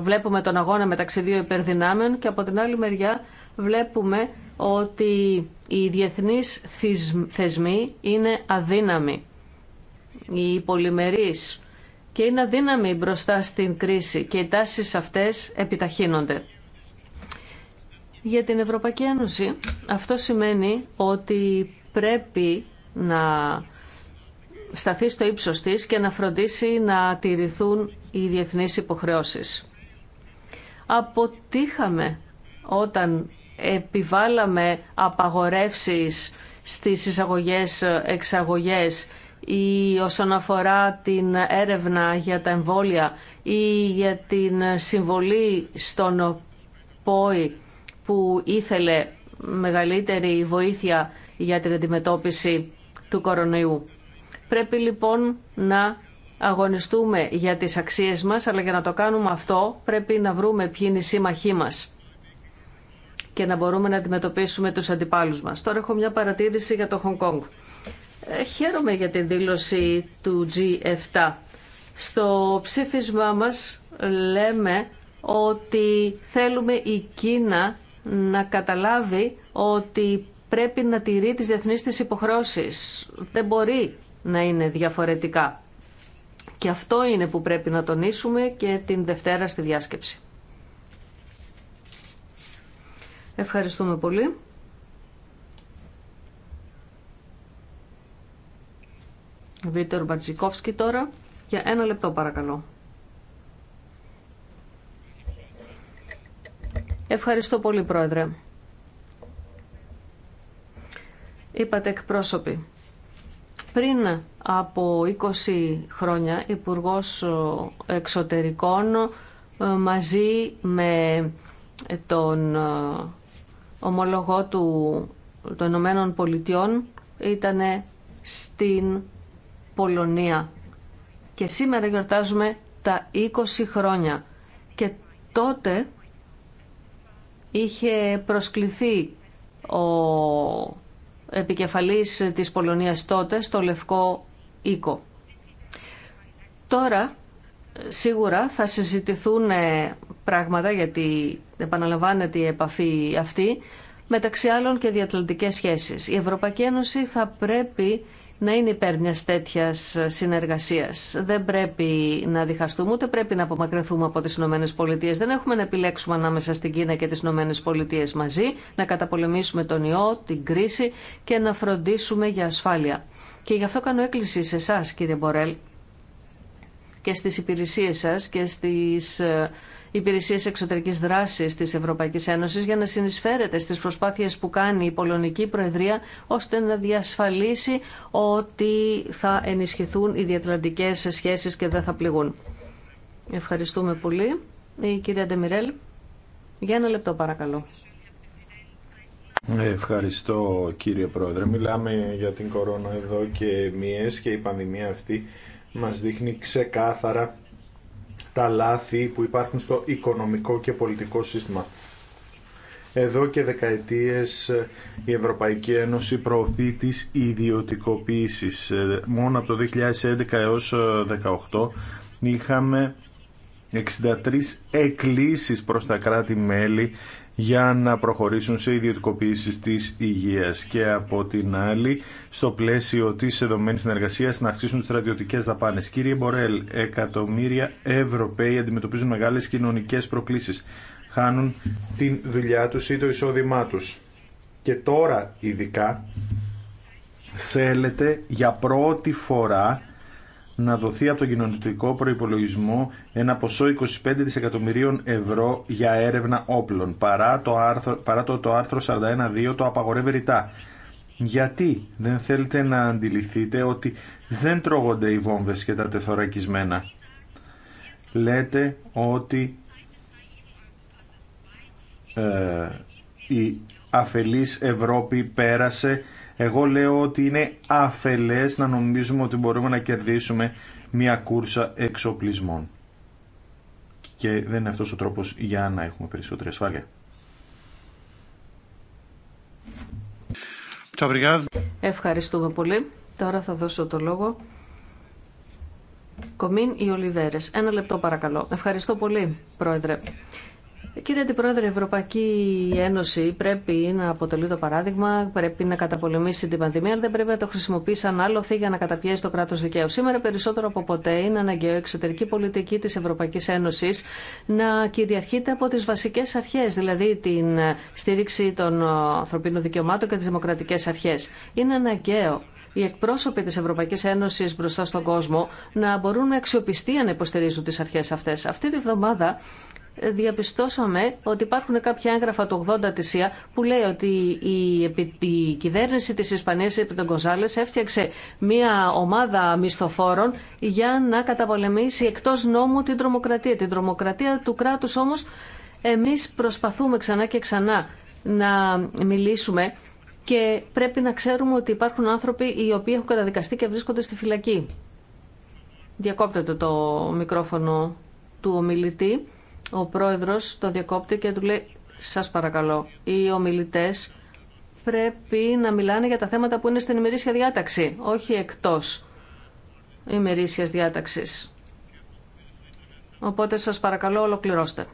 βλέπουμε τον αγώνα μεταξύ δύο υπερδυνάμεων και από την άλλη μεριά βλέπουμε ότι οι διεθνείς θεσμοί είναι αδύναμοι, οι πολυμερείς και είναι αδύναμοι μπροστά στην κρίση και οι τάσεις αυτές επιταχύνονται. Για την Ευρωπαϊκή Ένωση αυτό σημαίνει ότι πρέπει να σταθεί στο ύψο τη και να φροντίσει να τηρηθούν οι διεθνεί υποχρεώσει. Αποτύχαμε όταν επιβάλαμε απαγορεύσεις στις εισαγωγές-εξαγωγές ή όσον αφορά την έρευνα για τα εμβόλια ή για την συμβολή στον ΠΟΗ που ήθελε μεγαλύτερη βοήθεια για την αντιμετώπιση του κορονοϊού. Πρέπει λοιπόν να αγωνιστούμε για τις αξίες μας, αλλά για να το κάνουμε αυτό πρέπει να βρούμε ποιοι είναι οι σύμμαχοί μας και να μπορούμε να αντιμετωπίσουμε τους αντιπάλους μας. Τώρα έχω μια παρατήρηση για το Χονγκ Κόνγκ. Ε, χαίρομαι για την δήλωση του G7. Στο ψήφισμά μας λέμε ότι θέλουμε η Κίνα να καταλάβει ότι πρέπει να τηρεί τις διεθνείς της Δεν μπορεί να είναι διαφορετικά. Και αυτό είναι που πρέπει να τονίσουμε και την Δευτέρα στη διάσκεψη. Ευχαριστούμε πολύ. Βίτερ Μπατζικόφσκι τώρα. Για ένα λεπτό παρακαλώ. Ευχαριστώ πολύ, Πρόεδρε. Είπατε εκπρόσωποι. Πριν από 20 χρόνια, Υπουργός Εξωτερικών ε, μαζί με τον ε, ομολογό του των Ηνωμένων Πολιτειών ήταν στην Πολωνία. Και σήμερα γιορτάζουμε τα 20 χρόνια. Και τότε είχε προσκληθεί ο επικεφαλής της Πολωνίας τότε στο Λευκό Οίκο. Τώρα σίγουρα θα συζητηθούν ε, πράγματα γιατί επαναλαμβάνεται η επαφή αυτή μεταξύ άλλων και διατλαντικές σχέσεις. Η Ευρωπαϊκή Ένωση θα πρέπει να είναι υπέρ μια τέτοια συνεργασία. Δεν πρέπει να διχαστούμε, ούτε πρέπει να απομακρυνθούμε από τι ΗΠΑ. Δεν έχουμε να επιλέξουμε ανάμεσα στην Κίνα και τι ΗΠΑ μαζί, να καταπολεμήσουμε τον ιό, την κρίση και να φροντίσουμε για ασφάλεια. Και γι' αυτό κάνω έκκληση σε εσά, κύριε Μπορέλ, και στι υπηρεσίε σα και στις ε, υπηρεσίες εξωτερική δράση της Ευρωπαϊκής Ένωσης για να συνεισφέρεται στις προσπάθειες που κάνει η Πολωνική Προεδρία ώστε να διασφαλίσει ότι θα ενισχυθούν οι διατλαντικέ σχέσεις και δεν θα πληγούν. Ευχαριστούμε πολύ. Η κυρία Ντεμιρέλ, για ένα λεπτό παρακαλώ. Ευχαριστώ κύριε Πρόεδρε. Μιλάμε για την κορώνα εδώ και μίες και η πανδημία αυτή μας δείχνει ξεκάθαρα τα λάθη που υπάρχουν στο οικονομικό και πολιτικό σύστημα. Εδώ και δεκαετίες ε, η Ευρωπαϊκή Ένωση προωθεί τις ιδιωτικοποίησεις. Ε, μόνο από το 2011 έως 2018 ε, είχαμε 63 εκκλήσεις προς τα κράτη-μέλη για να προχωρήσουν σε ιδιωτικοποίησεις της υγείας και από την άλλη στο πλαίσιο της εδωμένης συνεργασίας να αυξήσουν στρατιωτικές δαπάνες. Κύριε Μπορέλ, εκατομμύρια Ευρωπαίοι αντιμετωπίζουν μεγάλες κοινωνικές προκλήσεις. Χάνουν την δουλειά τους ή το εισόδημά τους. Και τώρα ειδικά θέλετε για πρώτη φορά να δοθεί από τον κοινωνικό προϋπολογισμό ένα ποσό 25 δισεκατομμυρίων ευρώ για έρευνα όπλων, παρά το, άρθρο, παρά το, το άρθρο 41.2 το απαγορεύει ρητά. Γιατί δεν θέλετε να αντιληφθείτε ότι δεν τρώγονται οι βόμβες και τα τεθωρακισμένα. Λέτε ότι ε, η αφελής Ευρώπη πέρασε εγώ λέω ότι είναι αφελές να νομίζουμε ότι μπορούμε να κερδίσουμε μια κούρσα εξοπλισμών. Και δεν είναι αυτός ο τρόπος για να έχουμε περισσότερη ασφάλεια. Ευχαριστούμε πολύ. Τώρα θα δώσω το λόγο. Κομίν ή Ένα λεπτό παρακαλώ. Ευχαριστώ πολύ, Πρόεδρε. Κύριε Αντιπρόεδρε, η Ευρωπαϊκή Ένωση πρέπει να αποτελεί το παράδειγμα, πρέπει να καταπολεμήσει την πανδημία, αλλά δεν πρέπει να το χρησιμοποιήσει σαν άλοθη για να καταπιέσει το κράτο δικαίου. Σήμερα περισσότερο από ποτέ είναι αναγκαίο η εξωτερική πολιτική τη Ευρωπαϊκή Ένωση να κυριαρχείται από τι βασικέ αρχέ, δηλαδή την στήριξη των ανθρωπίνων δικαιωμάτων και τι δημοκρατικέ αρχέ. Είναι αναγκαίο οι εκπρόσωποι της Ευρωπαϊκής Ένωσης μπροστά στον κόσμο να μπορούν να αξιοπιστεί να υποστηρίζουν τις αρχές αυτές. Αυτή τη βδομάδα διαπιστώσαμε ότι υπάρχουν κάποια έγγραφα του 80 της ΙΑ που λέει ότι η, κυβέρνηση της Ισπανίας επί έφτιαξε μια ομάδα μισθοφόρων για να καταπολεμήσει εκτός νόμου την τρομοκρατία. Την τρομοκρατία του κράτους όμως εμείς προσπαθούμε ξανά και ξανά να μιλήσουμε και πρέπει να ξέρουμε ότι υπάρχουν άνθρωποι οι οποίοι έχουν καταδικαστεί και βρίσκονται στη φυλακή. Διακόπτεται το μικρόφωνο του ομιλητή. Ο πρόεδρος το διακόπτει και του λέει «Σας παρακαλώ, οι ομιλητές πρέπει να μιλάνε για τα θέματα που είναι στην ημερήσια διάταξη, όχι εκτός ημερήσιας διάταξης». Οπότε σας παρακαλώ ολοκληρώστε.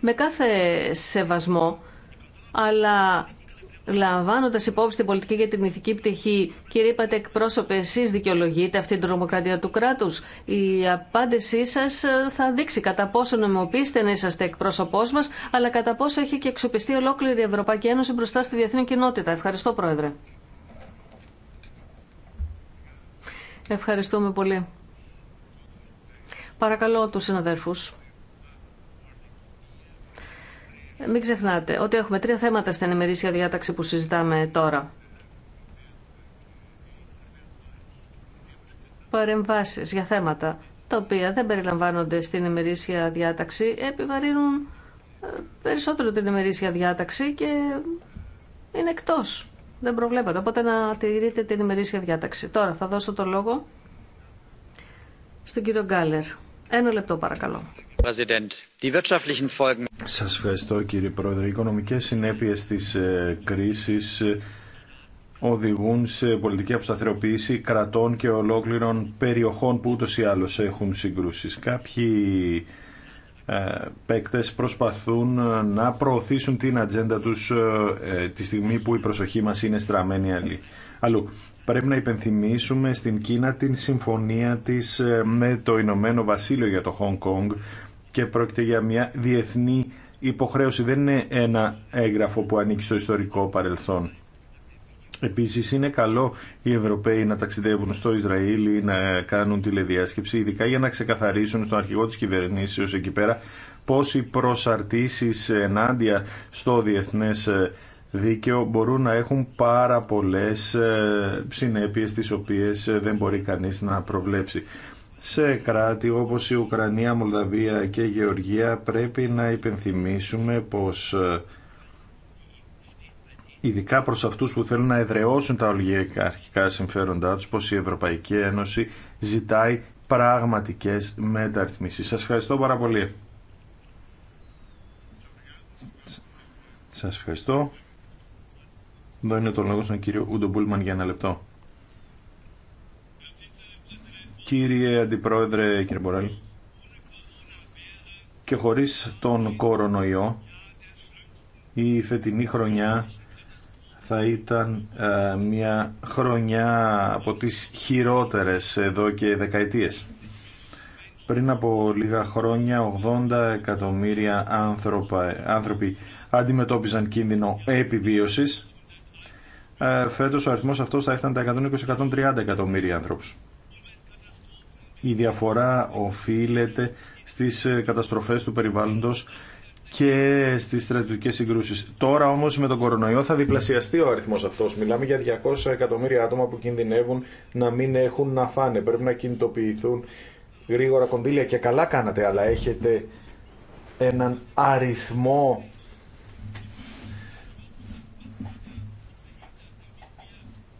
Με κάθε σεβασμό, αλλά λαμβάνοντα υπόψη την πολιτική και την ηθική πτυχή, κύριε είπατε εκπρόσωπε, εσεί δικαιολογείτε αυτήν την τρομοκρατία του κράτου. Η απάντησή σα ε, θα δείξει κατά πόσο νομιμοποιήσετε να είσαστε εκπρόσωπό μα, αλλά κατά πόσο έχει και εξοπιστεί ολόκληρη η Ευρωπαϊκή Ένωση μπροστά στη διεθνή κοινότητα. Ευχαριστώ, Πρόεδρε. Ευχαριστούμε πολύ. Παρακαλώ τους συναδέρφους μην ξεχνάτε ότι έχουμε τρία θέματα στην ημερήσια διάταξη που συζητάμε τώρα. Παρεμβάσεις για θέματα τα οποία δεν περιλαμβάνονται στην ημερήσια διάταξη επιβαρύνουν ε, περισσότερο την ημερήσια διάταξη και είναι εκτός. Δεν προβλέπεται. Οπότε να τηρείτε την ημερήσια διάταξη. Τώρα θα δώσω το λόγο στον κύριο Γκάλερ. Ένα λεπτό παρακαλώ. Σας ευχαριστώ κύριε Πρόεδρε. Οι οικονομικές συνέπειες της ε, κρίσης ε, οδηγούν σε πολιτική αποσταθεροποίηση κρατών και ολόκληρων περιοχών που ούτως ή άλλως έχουν συγκρούσεις. Κάποιοι ε, παίκτες προσπαθούν να προωθήσουν την ατζέντα τους τη στιγμή που η προσοχή μας είναι στραμμένη αλλού. Πρέπει να υπενθυμίσουμε στην Κίνα την συμφωνία της με το Ηνωμένο Βασίλειο για το Χονγκ και πρόκειται για μια διεθνή υποχρέωση. Δεν είναι ένα έγγραφο που ανήκει στο ιστορικό παρελθόν. Επίση είναι καλό οι Ευρωπαίοι να ταξιδεύουν στο Ισραήλ ή να κάνουν τηλεδιάσκεψη, ειδικά για να ξεκαθαρίσουν στον αρχηγό τη Κυβερνήσεω εκεί πέρα πώς οι προσαρτήσεις ενάντια στο διεθνέ δίκαιο μπορούν να έχουν πάρα πολλέ ε, συνέπειε τι οποίε ε, δεν μπορεί κανεί να προβλέψει σε κράτη όπως η Ουκρανία, Μολδαβία και Γεωργία πρέπει να υπενθυμίσουμε πως ε, ειδικά προς αυτούς που θέλουν να εδραιώσουν τα αρχικά συμφέροντά τους πως η Ευρωπαϊκή Ένωση ζητάει πραγματικές μεταρρυθμίσεις. Σας ευχαριστώ πάρα πολύ. Σας ευχαριστώ. Εδώ είναι το λόγο στον κύριο Ούντο Μπούλμαν για ένα λεπτό. Κύριε Αντιπρόεδρε, κύριε Μπορέλ, και χωρίς τον κορονοϊό, η φετινή χρονιά θα ήταν ε, μια χρονιά από τις χειρότερες εδώ και δεκαετίες. Πριν από λίγα χρόνια 80 εκατομμύρια άνθρωπα, άνθρωποι αντιμετώπιζαν κίνδυνο επιβίωσης. Ε, φέτος ο αριθμός αυτός θα έφτανε τα 120-130 εκατομμύρια άνθρωπους. Η διαφορά οφείλεται στις ε, καταστροφές του περιβάλλοντος και στις στρατιωτικές συγκρούσεις. Τώρα όμως με τον κορονοϊό θα διπλασιαστεί ο αριθμός αυτός. Μιλάμε για 200 εκατομμύρια άτομα που κινδυνεύουν να μην έχουν να φάνε. Πρέπει να κινητοποιηθούν γρήγορα κονδύλια και καλά κάνατε, αλλά έχετε έναν αριθμό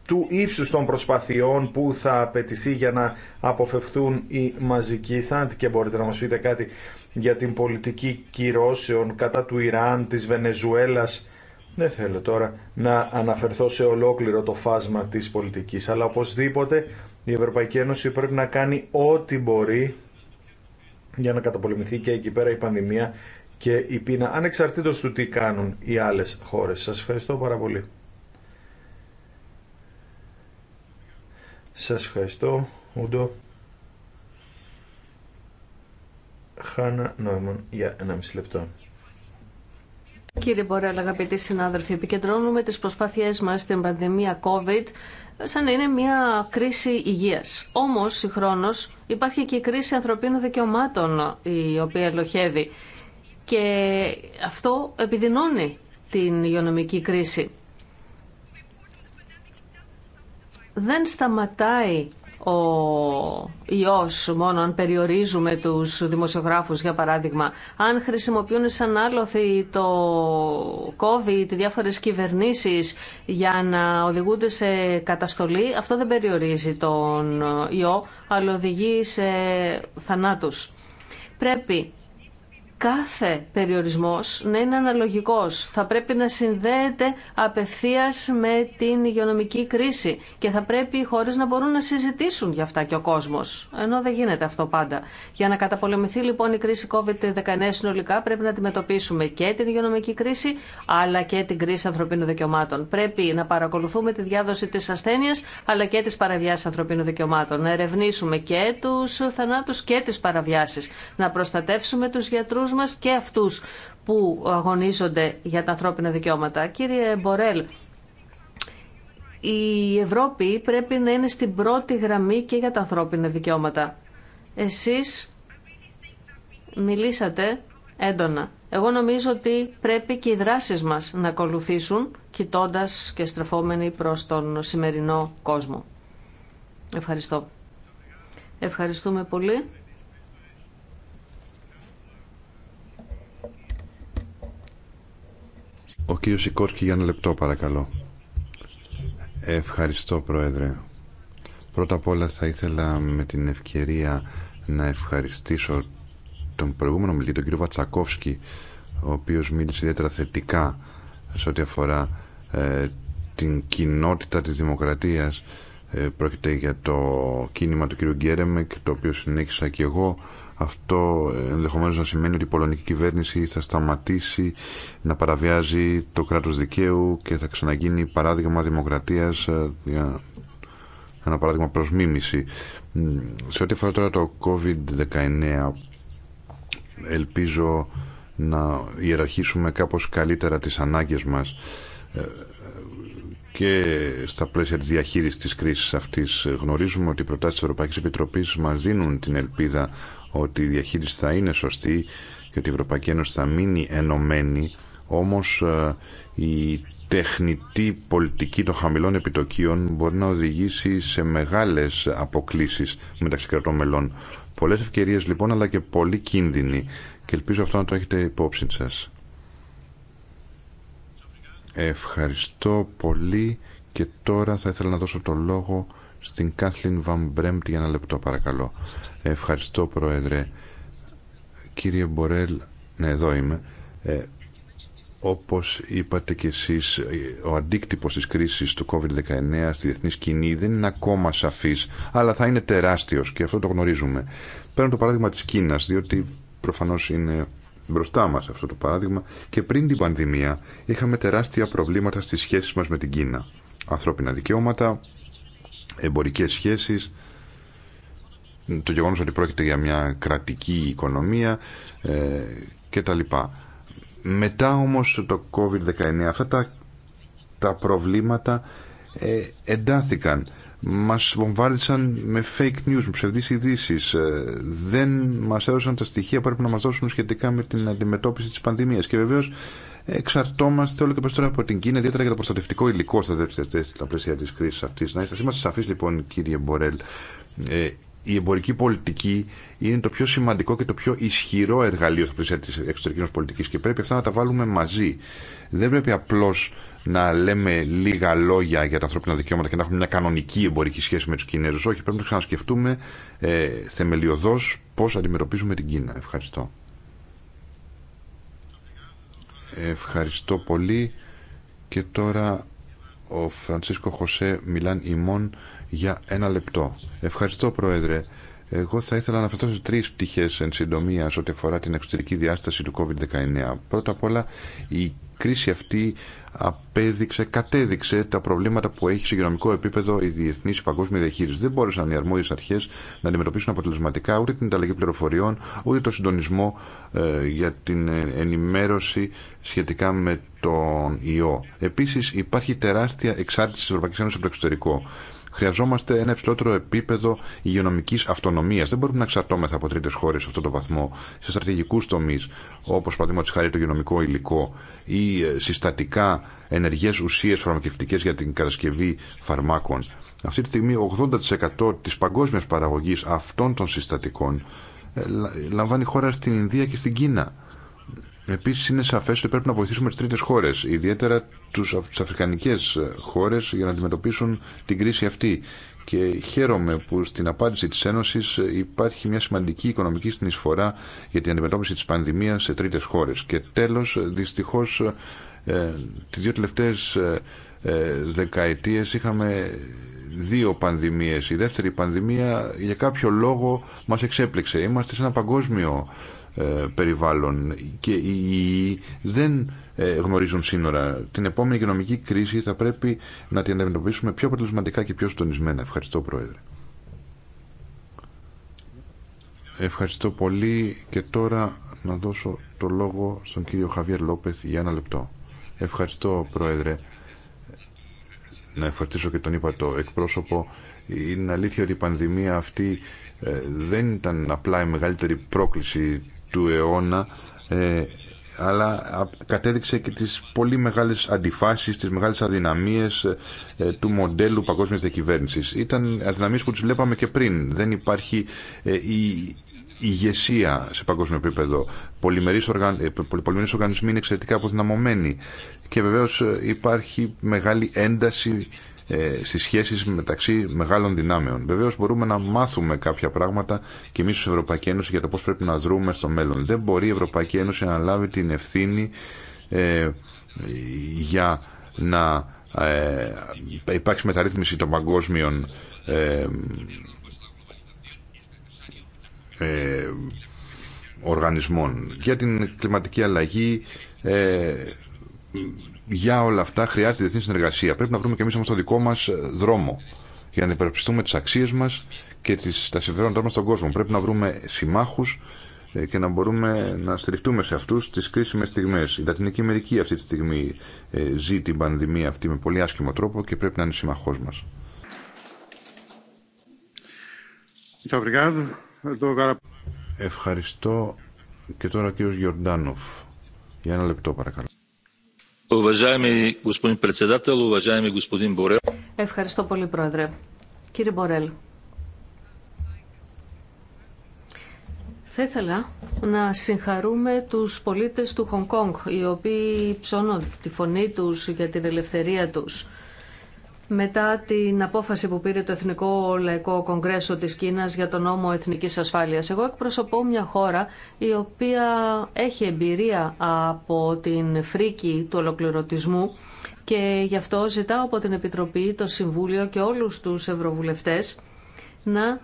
του ύψους των προσπαθειών που θα απαιτηθεί για να αποφευθούν οι μαζικοί θάνατοι και μπορείτε να μας πείτε κάτι για την πολιτική κυρώσεων κατά του Ιράν, της Βενεζουέλας. Δεν θέλω τώρα να αναφερθώ σε ολόκληρο το φάσμα της πολιτικής, αλλά οπωσδήποτε η Ευρωπαϊκή Ένωση πρέπει να κάνει ό,τι μπορεί για να καταπολεμηθεί και εκεί πέρα η πανδημία και η πείνα, ανεξαρτήτως του τι κάνουν οι άλλες χώρες. Σας ευχαριστώ πάρα πολύ. Σας ευχαριστώ, Ούντο. Χάνα Νόημον για μισή λεπτό. Κύριε Μπορέλα, αγαπητοί συνάδελφοι, επικεντρώνουμε τις προσπάθειές μας στην πανδημία COVID σαν να είναι μια κρίση υγείας. Όμως, συγχρόνως, υπάρχει και η κρίση ανθρωπίνων δικαιωμάτων η οποία ελοχεύει και αυτό επιδεινώνει την υγειονομική κρίση. δεν σταματάει ο ιός μόνο αν περιορίζουμε τους δημοσιογράφους για παράδειγμα αν χρησιμοποιούν σαν άλοθη το COVID διάφορες κυβερνήσεις για να οδηγούνται σε καταστολή αυτό δεν περιορίζει τον ιό αλλά οδηγεί σε θανάτους πρέπει κάθε περιορισμός να είναι αναλογικός. Θα πρέπει να συνδέεται απευθείας με την υγειονομική κρίση και θα πρέπει οι χώρες να μπορούν να συζητήσουν για αυτά και ο κόσμος, ενώ δεν γίνεται αυτό πάντα. Για να καταπολεμηθεί λοιπόν η κρίση COVID-19 συνολικά πρέπει να αντιμετωπίσουμε και την υγειονομική κρίση αλλά και την κρίση ανθρωπίνων δικαιωμάτων. Πρέπει να παρακολουθούμε τη διάδοση της ασθένειας αλλά και της παραβιάσης ανθρωπίνων δικαιωμάτων. Να ερευνήσουμε και τους θανάτους και τις παραβιάσεις. Να προστατεύσουμε τους γιατρούς μας και αυτούς που αγωνίζονται για τα ανθρώπινα δικαιώματα. Κύριε Μπορέλ, η Ευρώπη πρέπει να είναι στην πρώτη γραμμή και για τα ανθρώπινα δικαιώματα. Εσείς μιλήσατε έντονα. Εγώ νομίζω ότι πρέπει και οι δράσεις μας να ακολουθήσουν, κοιτώντα και στρεφόμενοι προς τον σημερινό κόσμο. Ευχαριστώ. Ευχαριστούμε πολύ. Ο κύριος Σικόρκη για ένα λεπτό παρακαλώ. Ευχαριστώ Πρόεδρε. Πρώτα απ' όλα θα ήθελα με την ευκαιρία να ευχαριστήσω τον προηγούμενο μιλή, τον κύριο Βατσακόφσκι, ο οποίος μίλησε ιδιαίτερα θετικά σε ό,τι αφορά ε, την κοινότητα της δημοκρατίας. Ε, πρόκειται για το κίνημα του κύριου Γκέρεμεκ, το οποίο συνέχισα και εγώ αυτό ενδεχομένως να σημαίνει ότι η πολωνική κυβέρνηση θα σταματήσει να παραβιάζει το κράτος δικαίου και θα ξαναγίνει παράδειγμα δημοκρατίας, ε, ένα παράδειγμα προς μίμηση. Σε ό,τι αφορά τώρα το COVID-19, ελπίζω να ιεραρχήσουμε κάπως καλύτερα τις ανάγκες μας ε, και στα πλαίσια της διαχείρισης της κρίσης αυτής γνωρίζουμε ότι οι προτάσεις της Ευρωπαϊκής Επιτροπής μας δίνουν την ελπίδα ότι η διαχείριση θα είναι σωστή και ότι η Ευρωπαϊκή Ένωση θα μείνει ενωμένη, όμως ε, η τεχνητή πολιτική των χαμηλών επιτοκίων μπορεί να οδηγήσει σε μεγάλες αποκλίσεις μεταξύ κρατών μελών. Πολλές ευκαιρίες λοιπόν, αλλά και πολύ κίνδυνοι και ελπίζω αυτό να το έχετε υπόψη σας. Ευχαριστώ πολύ και τώρα θα ήθελα να δώσω το λόγο στην Κάθλιν Βαμπρέμπτη για ένα λεπτό παρακαλώ. Ευχαριστώ Πρόεδρε. Κύριε Μπορέλ, ναι εδώ είμαι. Ε, όπως είπατε και εσείς, ο αντίκτυπος της κρίσης του COVID-19 στη διεθνή σκηνή δεν είναι ακόμα σαφής, αλλά θα είναι τεράστιος και αυτό το γνωρίζουμε. Παίρνω το παράδειγμα της Κίνας, διότι προφανώς είναι μπροστά μας αυτό το παράδειγμα και πριν την πανδημία είχαμε τεράστια προβλήματα στις σχέσεις μας με την Κίνα. Ανθρώπινα δικαιώματα, εμπορικές σχέσεις, το γεγονός ότι πρόκειται για μια κρατική οικονομία ε, και τα λοιπά. Μετά όμως το COVID-19 αυτά τα, τα προβλήματα ε, εντάθηκαν. Μας βομβάρδισαν με fake news, με ψευδείς ειδήσει. Ε, δεν μας έδωσαν τα στοιχεία που πρέπει να μας δώσουν σχετικά με την αντιμετώπιση της πανδημίας. Και βεβαίως εξαρτώμαστε όλο και περισσότερο από την Κίνα, ιδιαίτερα για το προστατευτικό υλικό στα, πλαίσια της κρίσης αυτής. Να είστε, είμαστε σαφείς λοιπόν κύριε Μπορέλ, ε, η εμπορική πολιτική είναι το πιο σημαντικό και το πιο ισχυρό εργαλείο στα πλαίσια τη εξωτερική πολιτική και πρέπει αυτά να τα βάλουμε μαζί. Δεν πρέπει απλώ να λέμε λίγα λόγια για τα ανθρώπινα δικαιώματα και να έχουμε μια κανονική εμπορική σχέση με του Κινέζου. Όχι, πρέπει να ξανασκεφτούμε ε, θεμελιωδώ πώ αντιμετωπίζουμε την Κίνα. Ευχαριστώ. Ευχαριστώ πολύ. Και τώρα ο Φρανσίσκο Χωσέ Μιλάν Ιμών για ένα λεπτό. Ευχαριστώ, Πρόεδρε. Εγώ θα ήθελα να αναφερθώ σε τρει πτυχέ εν συντομία ό,τι αφορά την εξωτερική διάσταση του COVID-19. Πρώτα απ' όλα, η κρίση αυτή απέδειξε, κατέδειξε τα προβλήματα που έχει σε υγειονομικό επίπεδο η διεθνή η παγκόσμια διαχείριση. Δεν μπόρεσαν οι αρμόδιε αρχέ να αντιμετωπίσουν αποτελεσματικά ούτε την ανταλλαγή πληροφοριών, ούτε το συντονισμό ε, για την ε, ενημέρωση σχετικά με τον ιό. Επίση, υπάρχει τεράστια εξάρτηση τη Ευρωπαϊκή από το εξωτερικό. Χρειαζόμαστε ένα υψηλότερο επίπεδο υγειονομική αυτονομία. Δεν μπορούμε να εξαρτώμεθα από τρίτε χώρε σε αυτό το βαθμό, σε στρατηγικού τομεί, όπω παραδείγματο χάρη το υγειονομικό υλικό ή ε, συστατικά ενεργέ ουσίε φαρμακευτικέ για την κατασκευή φαρμάκων. Αυτή τη στιγμή 80% τη παγκόσμια παραγωγή αυτών των συστατικών ε, λαμβάνει χώρα στην Ινδία και στην Κίνα. Επίση είναι σαφές ότι πρέπει να βοηθήσουμε τι τρίτες χώρες, ιδιαίτερα τους, αφρικανικέ χώρε χώρες για να αντιμετωπίσουν την κρίση αυτή. Και χαίρομαι που στην απάντηση της Ένωσης ε, υπάρχει μια σημαντική οικονομική συνεισφορά για την αντιμετώπιση τη πανδημία σε τρίτες χώρες. Και τέλος, ε, δυστυχώς, ε, ε, τις δύο τελευταίε ε, είχαμε δύο πανδημίες. Η δεύτερη πανδημία για κάποιο λόγο μας εξέπληξε. Είμαστε σε ένα παγκόσμιο ε, περιβάλλον και οι δεν ε, γνωρίζουν σύνορα. Την επόμενη οικονομική κρίση θα πρέπει να την αντιμετωπίσουμε πιο αποτελεσματικά και πιο συντονισμένα. Ευχαριστώ, Πρόεδρε. Ευχαριστώ πολύ και τώρα να δώσω το λόγο στον κύριο Χαβιέρ Λόπεθ για ένα λεπτό. Ευχαριστώ, Πρόεδρε. Να ευχαριστήσω και τον είπα το εκπρόσωπο. Είναι αλήθεια ότι η πανδημία αυτή ε, δεν ήταν απλά η μεγαλύτερη πρόκληση του αιώνα ε, αλλά κατέδειξε και τις πολύ μεγάλες αντιφάσεις, τις μεγάλες αδυναμίες ε, ε, του μοντέλου παγκόσμιας διακυβέρνησης. Ήταν αδυναμίες που τις βλέπαμε και πριν. Δεν υπάρχει ε, η ηγεσία σε παγκόσμιο επίπεδο. Πολυμερείς, οργαν... Ε, πολυμερείς οργανισμοί είναι εξαιρετικά αποδυναμωμένοι. Και βεβαίως υπάρχει μεγάλη ένταση ε, στις σχέσεις μεταξύ μεγάλων δυνάμεων. Βεβαίως μπορούμε να μάθουμε κάποια πράγματα και εμείς ως Ευρωπαϊκή Ένωση για το πώς πρέπει να δρούμε στο μέλλον. Δεν μπορεί η Ευρωπαϊκή Ένωση να λάβει την ευθύνη ε, για να ε, υπάρξει μεταρρύθμιση των παγκόσμιων ε, ε οργανισμών. Για την κλιματική αλλαγή ε, για όλα αυτά χρειάζεται διεθνή συνεργασία. Πρέπει να βρούμε και εμεί όμω το δικό μα ε, δρόμο για να υπερψηφιστούμε τι αξίε μα και τις, τα συμφέροντά μα στον κόσμο. Πρέπει να βρούμε συμμάχου ε, και να μπορούμε να στηριχτούμε σε αυτού τι κρίσιμε στιγμέ. Η Λατινική Αμερική αυτή τη στιγμή ε, ζει την πανδημία αυτή με πολύ άσχημο τρόπο και πρέπει να είναι συμμαχό μα. Ευχαριστώ και τώρα ο κύριος Γιορντάνοφ. Για ένα λεπτό παρακαλώ. Ευχαριστώ πολύ, Πρόεδρε. Κύριε Μπορέλ, θα ήθελα να συγχαρούμε τους πολίτες του Χονγκ Κόνγκ, οι οποίοι ψώνουν τη φωνή τους για την ελευθερία τους μετά την απόφαση που πήρε το Εθνικό Λαϊκό Κογκρέσο της Κίνας για τον νόμο εθνικής ασφάλειας. Εγώ εκπροσωπώ μια χώρα η οποία έχει εμπειρία από την φρίκη του ολοκληρωτισμού και γι' αυτό ζητάω από την Επιτροπή, το Συμβούλιο και όλους τους ευρωβουλευτές να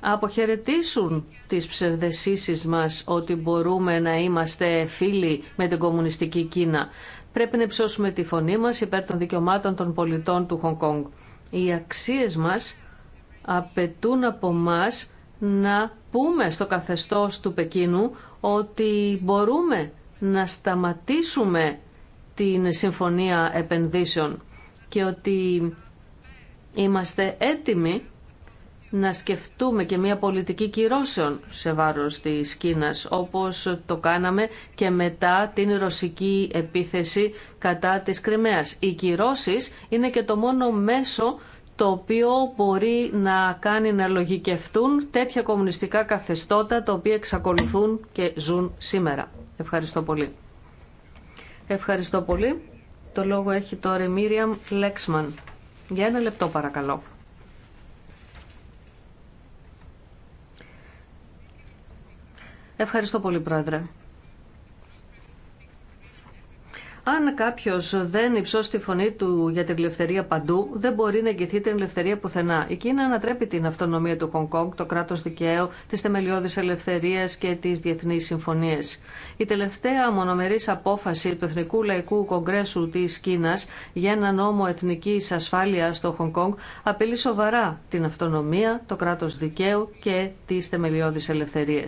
αποχαιρετήσουν τις ψευδεσίσεις μας ότι μπορούμε να είμαστε φίλοι με την κομμουνιστική Κίνα. Πρέπει να υψώσουμε τη φωνή μας υπέρ των δικαιωμάτων των πολιτών του Χονγκ Κόνγκ. Οι αξίες μας απαιτούν από μας να πούμε στο καθεστώς του Πεκίνου ότι μπορούμε να σταματήσουμε την συμφωνία επενδύσεων και ότι είμαστε έτοιμοι να σκεφτούμε και μια πολιτική κυρώσεων σε βάρος της Κίνας, όπως το κάναμε και μετά την ρωσική επίθεση κατά της Κρυμαίας. Οι κυρώσεις είναι και το μόνο μέσο το οποίο μπορεί να κάνει να λογικευτούν τέτοια κομμουνιστικά καθεστώτα τα οποία εξακολουθούν και ζουν σήμερα. Ευχαριστώ πολύ. Ευχαριστώ πολύ. Το λόγο έχει τώρα η Μίριαμ Λέξμαν. Για ένα λεπτό παρακαλώ. Ευχαριστώ πολύ, Πρόεδρε. Αν κάποιο δεν υψώσει τη φωνή του για την ελευθερία παντού, δεν μπορεί να εγγυηθεί την ελευθερία πουθενά. Η Κίνα ανατρέπει την αυτονομία του Χονγκ Κόνγκ, το κράτο δικαίου, τι θεμελιώδει ελευθερίε και τι διεθνεί συμφωνίε. Η τελευταία μονομερή απόφαση του Εθνικού Λαϊκού Κογκρέσου τη Κίνα για ένα νόμο εθνική ασφάλεια στο Χονγκ Κόνγκ απειλεί σοβαρά την αυτονομία, το κράτο δικαίου και τι θεμελιώδει ελευθερίε.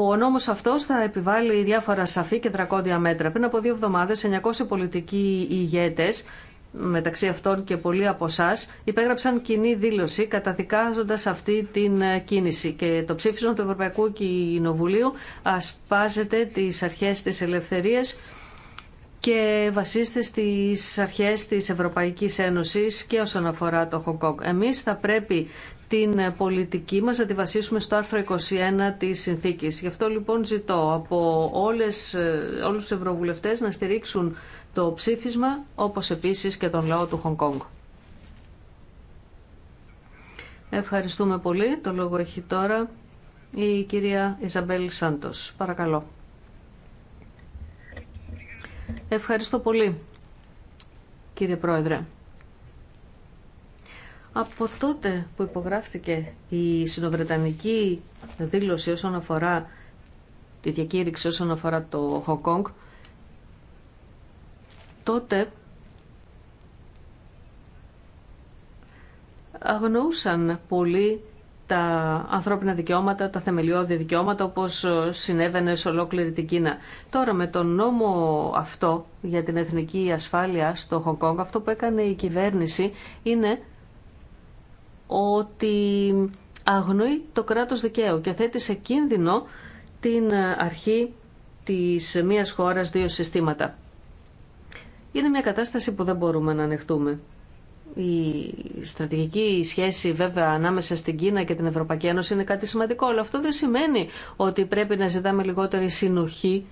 Ο νόμος αυτός θα επιβάλλει διάφορα σαφή και δρακόντια μέτρα. Πριν από δύο εβδομάδες, 900 πολιτικοί ηγέτες μεταξύ αυτών και πολλοί από εσά, υπέγραψαν κοινή δήλωση καταδικάζοντα αυτή την ε, κίνηση. Και το ψήφισμα του Ευρωπαϊκού Κοινοβουλίου ασπάζεται τι αρχέ τη ελευθερία και βασίστε στις αρχές της Ευρωπαϊκής Ένωσης και όσον αφορά το ΧΟΚΟΚ. Εμείς θα πρέπει την πολιτική μας να τη βασίσουμε στο άρθρο 21 της συνθήκης. Γι' αυτό λοιπόν ζητώ από όλες, όλους τους ευρωβουλευτές να στηρίξουν το ψήφισμα, όπως επίσης και τον λαό του Χονγκ Ευχαριστούμε πολύ. Το λόγο έχει τώρα η κυρία Ιζαμπέλ Σάντος. Παρακαλώ. Ευχαριστώ πολύ, κύριε Πρόεδρε. Από τότε που υπογράφτηκε η συνοβρετανική δήλωση όσον αφορά τη διακήρυξη όσον αφορά το Χοκόγκ, τότε αγνοούσαν πολύ τα ανθρώπινα δικαιώματα, τα θεμελιώδη δικαιώματα, όπως συνέβαινε σε ολόκληρη την Κίνα. Τώρα με τον νόμο αυτό για την εθνική ασφάλεια στο Χονγκ αυτό που έκανε η κυβέρνηση είναι ότι αγνοεί το κράτος δικαίου και θέτει σε κίνδυνο την αρχή της μίας χώρας δύο συστήματα. Είναι μια κατάσταση που δεν μπορούμε να ανεχτούμε. Η στρατηγική σχέση βέβαια ανάμεσα στην Κίνα και την Ευρωπαϊκή Ένωση είναι κάτι σημαντικό, αλλά αυτό δεν σημαίνει ότι πρέπει να ζητάμε λιγότερη συνοχή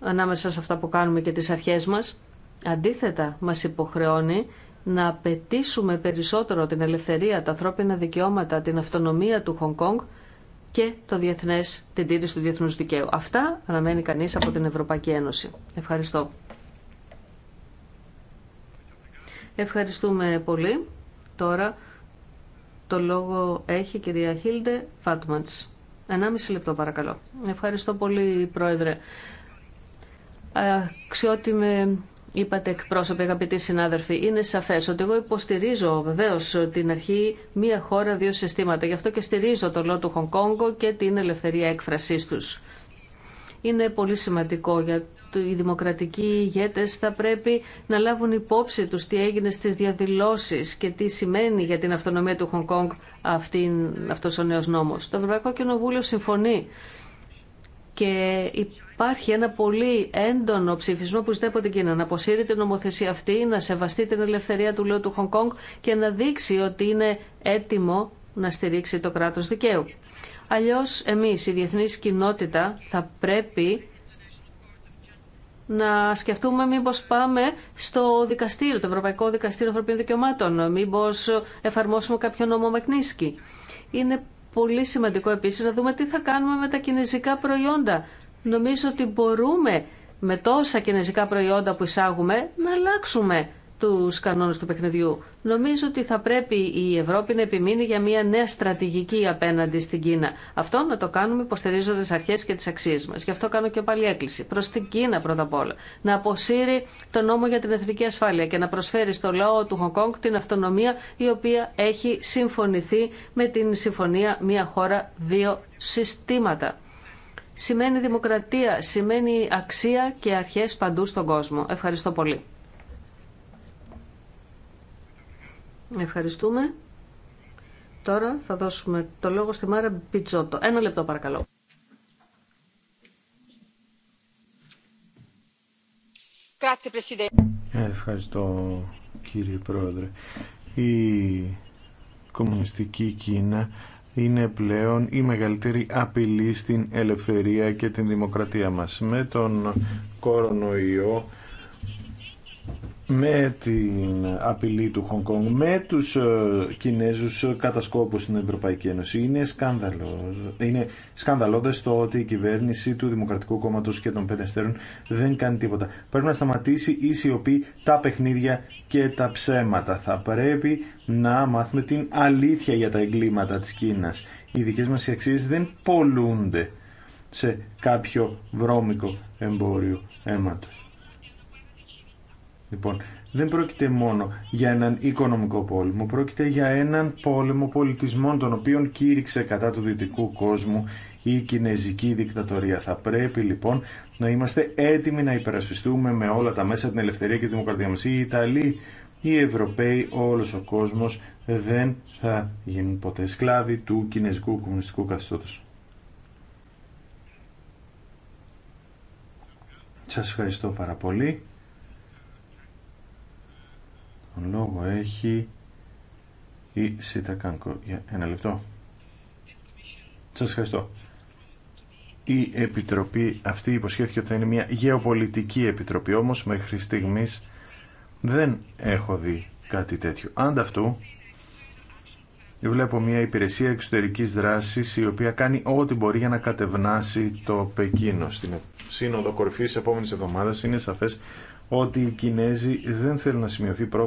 ανάμεσα σε αυτά που κάνουμε και τις αρχές μας. Αντίθετα, μας υποχρεώνει να απαιτήσουμε περισσότερο την ελευθερία, τα ανθρώπινα δικαιώματα, την αυτονομία του Χονγκ Κονγκ και το διεθνές, την τήρηση του διεθνούς δικαίου. Αυτά αναμένει κανείς από την Ευρωπαϊκή Ένωση. Ευχαριστώ. Ευχαριστούμε πολύ. Τώρα το λόγο έχει η κυρία Χίλντε Φάτμαντς. 1,5 λεπτό παρακαλώ. Ευχαριστώ πολύ Πρόεδρε. Αξιότιμε είπατε εκπρόσωποι, αγαπητοί συνάδελφοι, είναι σαφέ ότι εγώ υποστηρίζω βεβαίω την αρχή μία χώρα, δύο συστήματα. Γι' αυτό και στηρίζω το λόγο του Χονγκ και την ελευθερία έκφρασή του. Είναι πολύ σημαντικό για οι δημοκρατικοί ηγέτες θα πρέπει να λάβουν υπόψη του τι έγινε στις διαδηλώσει και τι σημαίνει για την αυτονομία του Χονγκ Κόνγκ αυτό ο νέο νόμο. Το Ευρωπαϊκό Κοινοβούλιο συμφωνεί και υπάρχει ένα πολύ έντονο ψηφισμό που ζητάει από την Κίνα να αποσύρει την νομοθεσία αυτή, να σεβαστεί την ελευθερία του λαού του Χονγκ Κονγκ και να δείξει ότι είναι έτοιμο να στηρίξει το κράτος δικαίου. Αλλιώς εμείς, η διεθνής κοινότητα, θα πρέπει να σκεφτούμε μήπως πάμε στο δικαστήριο, το Ευρωπαϊκό Δικαστήριο Ανθρωπίνων Δικαιωμάτων, μήπως εφαρμόσουμε κάποιο νόμο Μακνίσκι. Είναι πολύ σημαντικό επίσης να δούμε τι θα κάνουμε με τα κινέζικα προϊόντα. Νομίζω ότι μπορούμε με τόσα κινέζικα προϊόντα που εισάγουμε να αλλάξουμε τους κανόνες του παιχνιδιού. Νομίζω ότι θα πρέπει η Ευρώπη να επιμείνει για μια νέα στρατηγική απέναντι στην Κίνα. Αυτό να το κάνουμε υποστηρίζοντα αρχέ και τι αξίε μα. Γι' αυτό κάνω και πάλι έκκληση Προ την Κίνα πρώτα απ' όλα. Να αποσύρει το νόμο για την εθνική ασφάλεια και να προσφέρει στο λαό του Χονγκ την αυτονομία η οποία έχει συμφωνηθεί με την συμφωνία μια χώρα δύο συστήματα. Σημαίνει δημοκρατία, σημαίνει αξία και αρχές παντού στον κόσμο. Ευχαριστώ πολύ. Ευχαριστούμε. Τώρα θα δώσουμε το λόγο στη Μάρα Μπιτζότο. Ένα λεπτό παρακαλώ. Ευχαριστώ κύριε Πρόεδρε. Η κομμουνιστική Κίνα είναι πλέον η μεγαλύτερη απειλή στην ελευθερία και την δημοκρατία μας. Με τον κορονοϊό με την απειλή του Χονγκ Κόνγκ, με τους ε, Κινέζους κατασκόπου στην Ευρωπαϊκή Ένωση. Είναι, σκάνδαλο, είναι το ότι η κυβέρνηση του Δημοκρατικού Κόμματος και των Πεντεστέρων δεν κάνει τίποτα. Πρέπει να σταματήσει η σιωπή, τα παιχνίδια και τα ψέματα. Θα πρέπει να μάθουμε την αλήθεια για τα εγκλήματα της Κίνας. Οι δικές μας αξίες δεν πολλούνται σε κάποιο βρώμικο εμπόριο αίματος. Λοιπόν, δεν πρόκειται μόνο για έναν οικονομικό πόλεμο, πρόκειται για έναν πόλεμο πολιτισμών τον οποίον κήρυξε κατά του δυτικού κόσμου η κινέζικη δικτατορία. Θα πρέπει λοιπόν να είμαστε έτοιμοι να υπερασπιστούμε με όλα τα μέσα την ελευθερία και τη δημοκρατία μας. Οι Ιταλοί, οι Ευρωπαίοι, όλος ο κόσμος δεν θα γίνουν ποτέ σκλάβοι του κινέζικου κομμουνιστικού καθεστώτος. Σας ευχαριστώ πάρα πολύ. Τον λόγο έχει η Σίτα Κάνκο. Για ένα λεπτό. Σας ευχαριστώ. Η επιτροπή αυτή υποσχέθηκε ότι θα είναι μια γεωπολιτική επιτροπή, όμως μέχρι στιγμής δεν έχω δει κάτι τέτοιο. Ανταυτού, βλέπω μια υπηρεσία εξωτερικής δράσης η οποία κάνει ό,τι μπορεί για να κατευνάσει το Πεκίνο. Στην σύνοδο κορυφής επόμενης εβδομάδας είναι σαφές ότι οι Κινέζοι δεν θέλουν να σημειωθεί πρόβλημα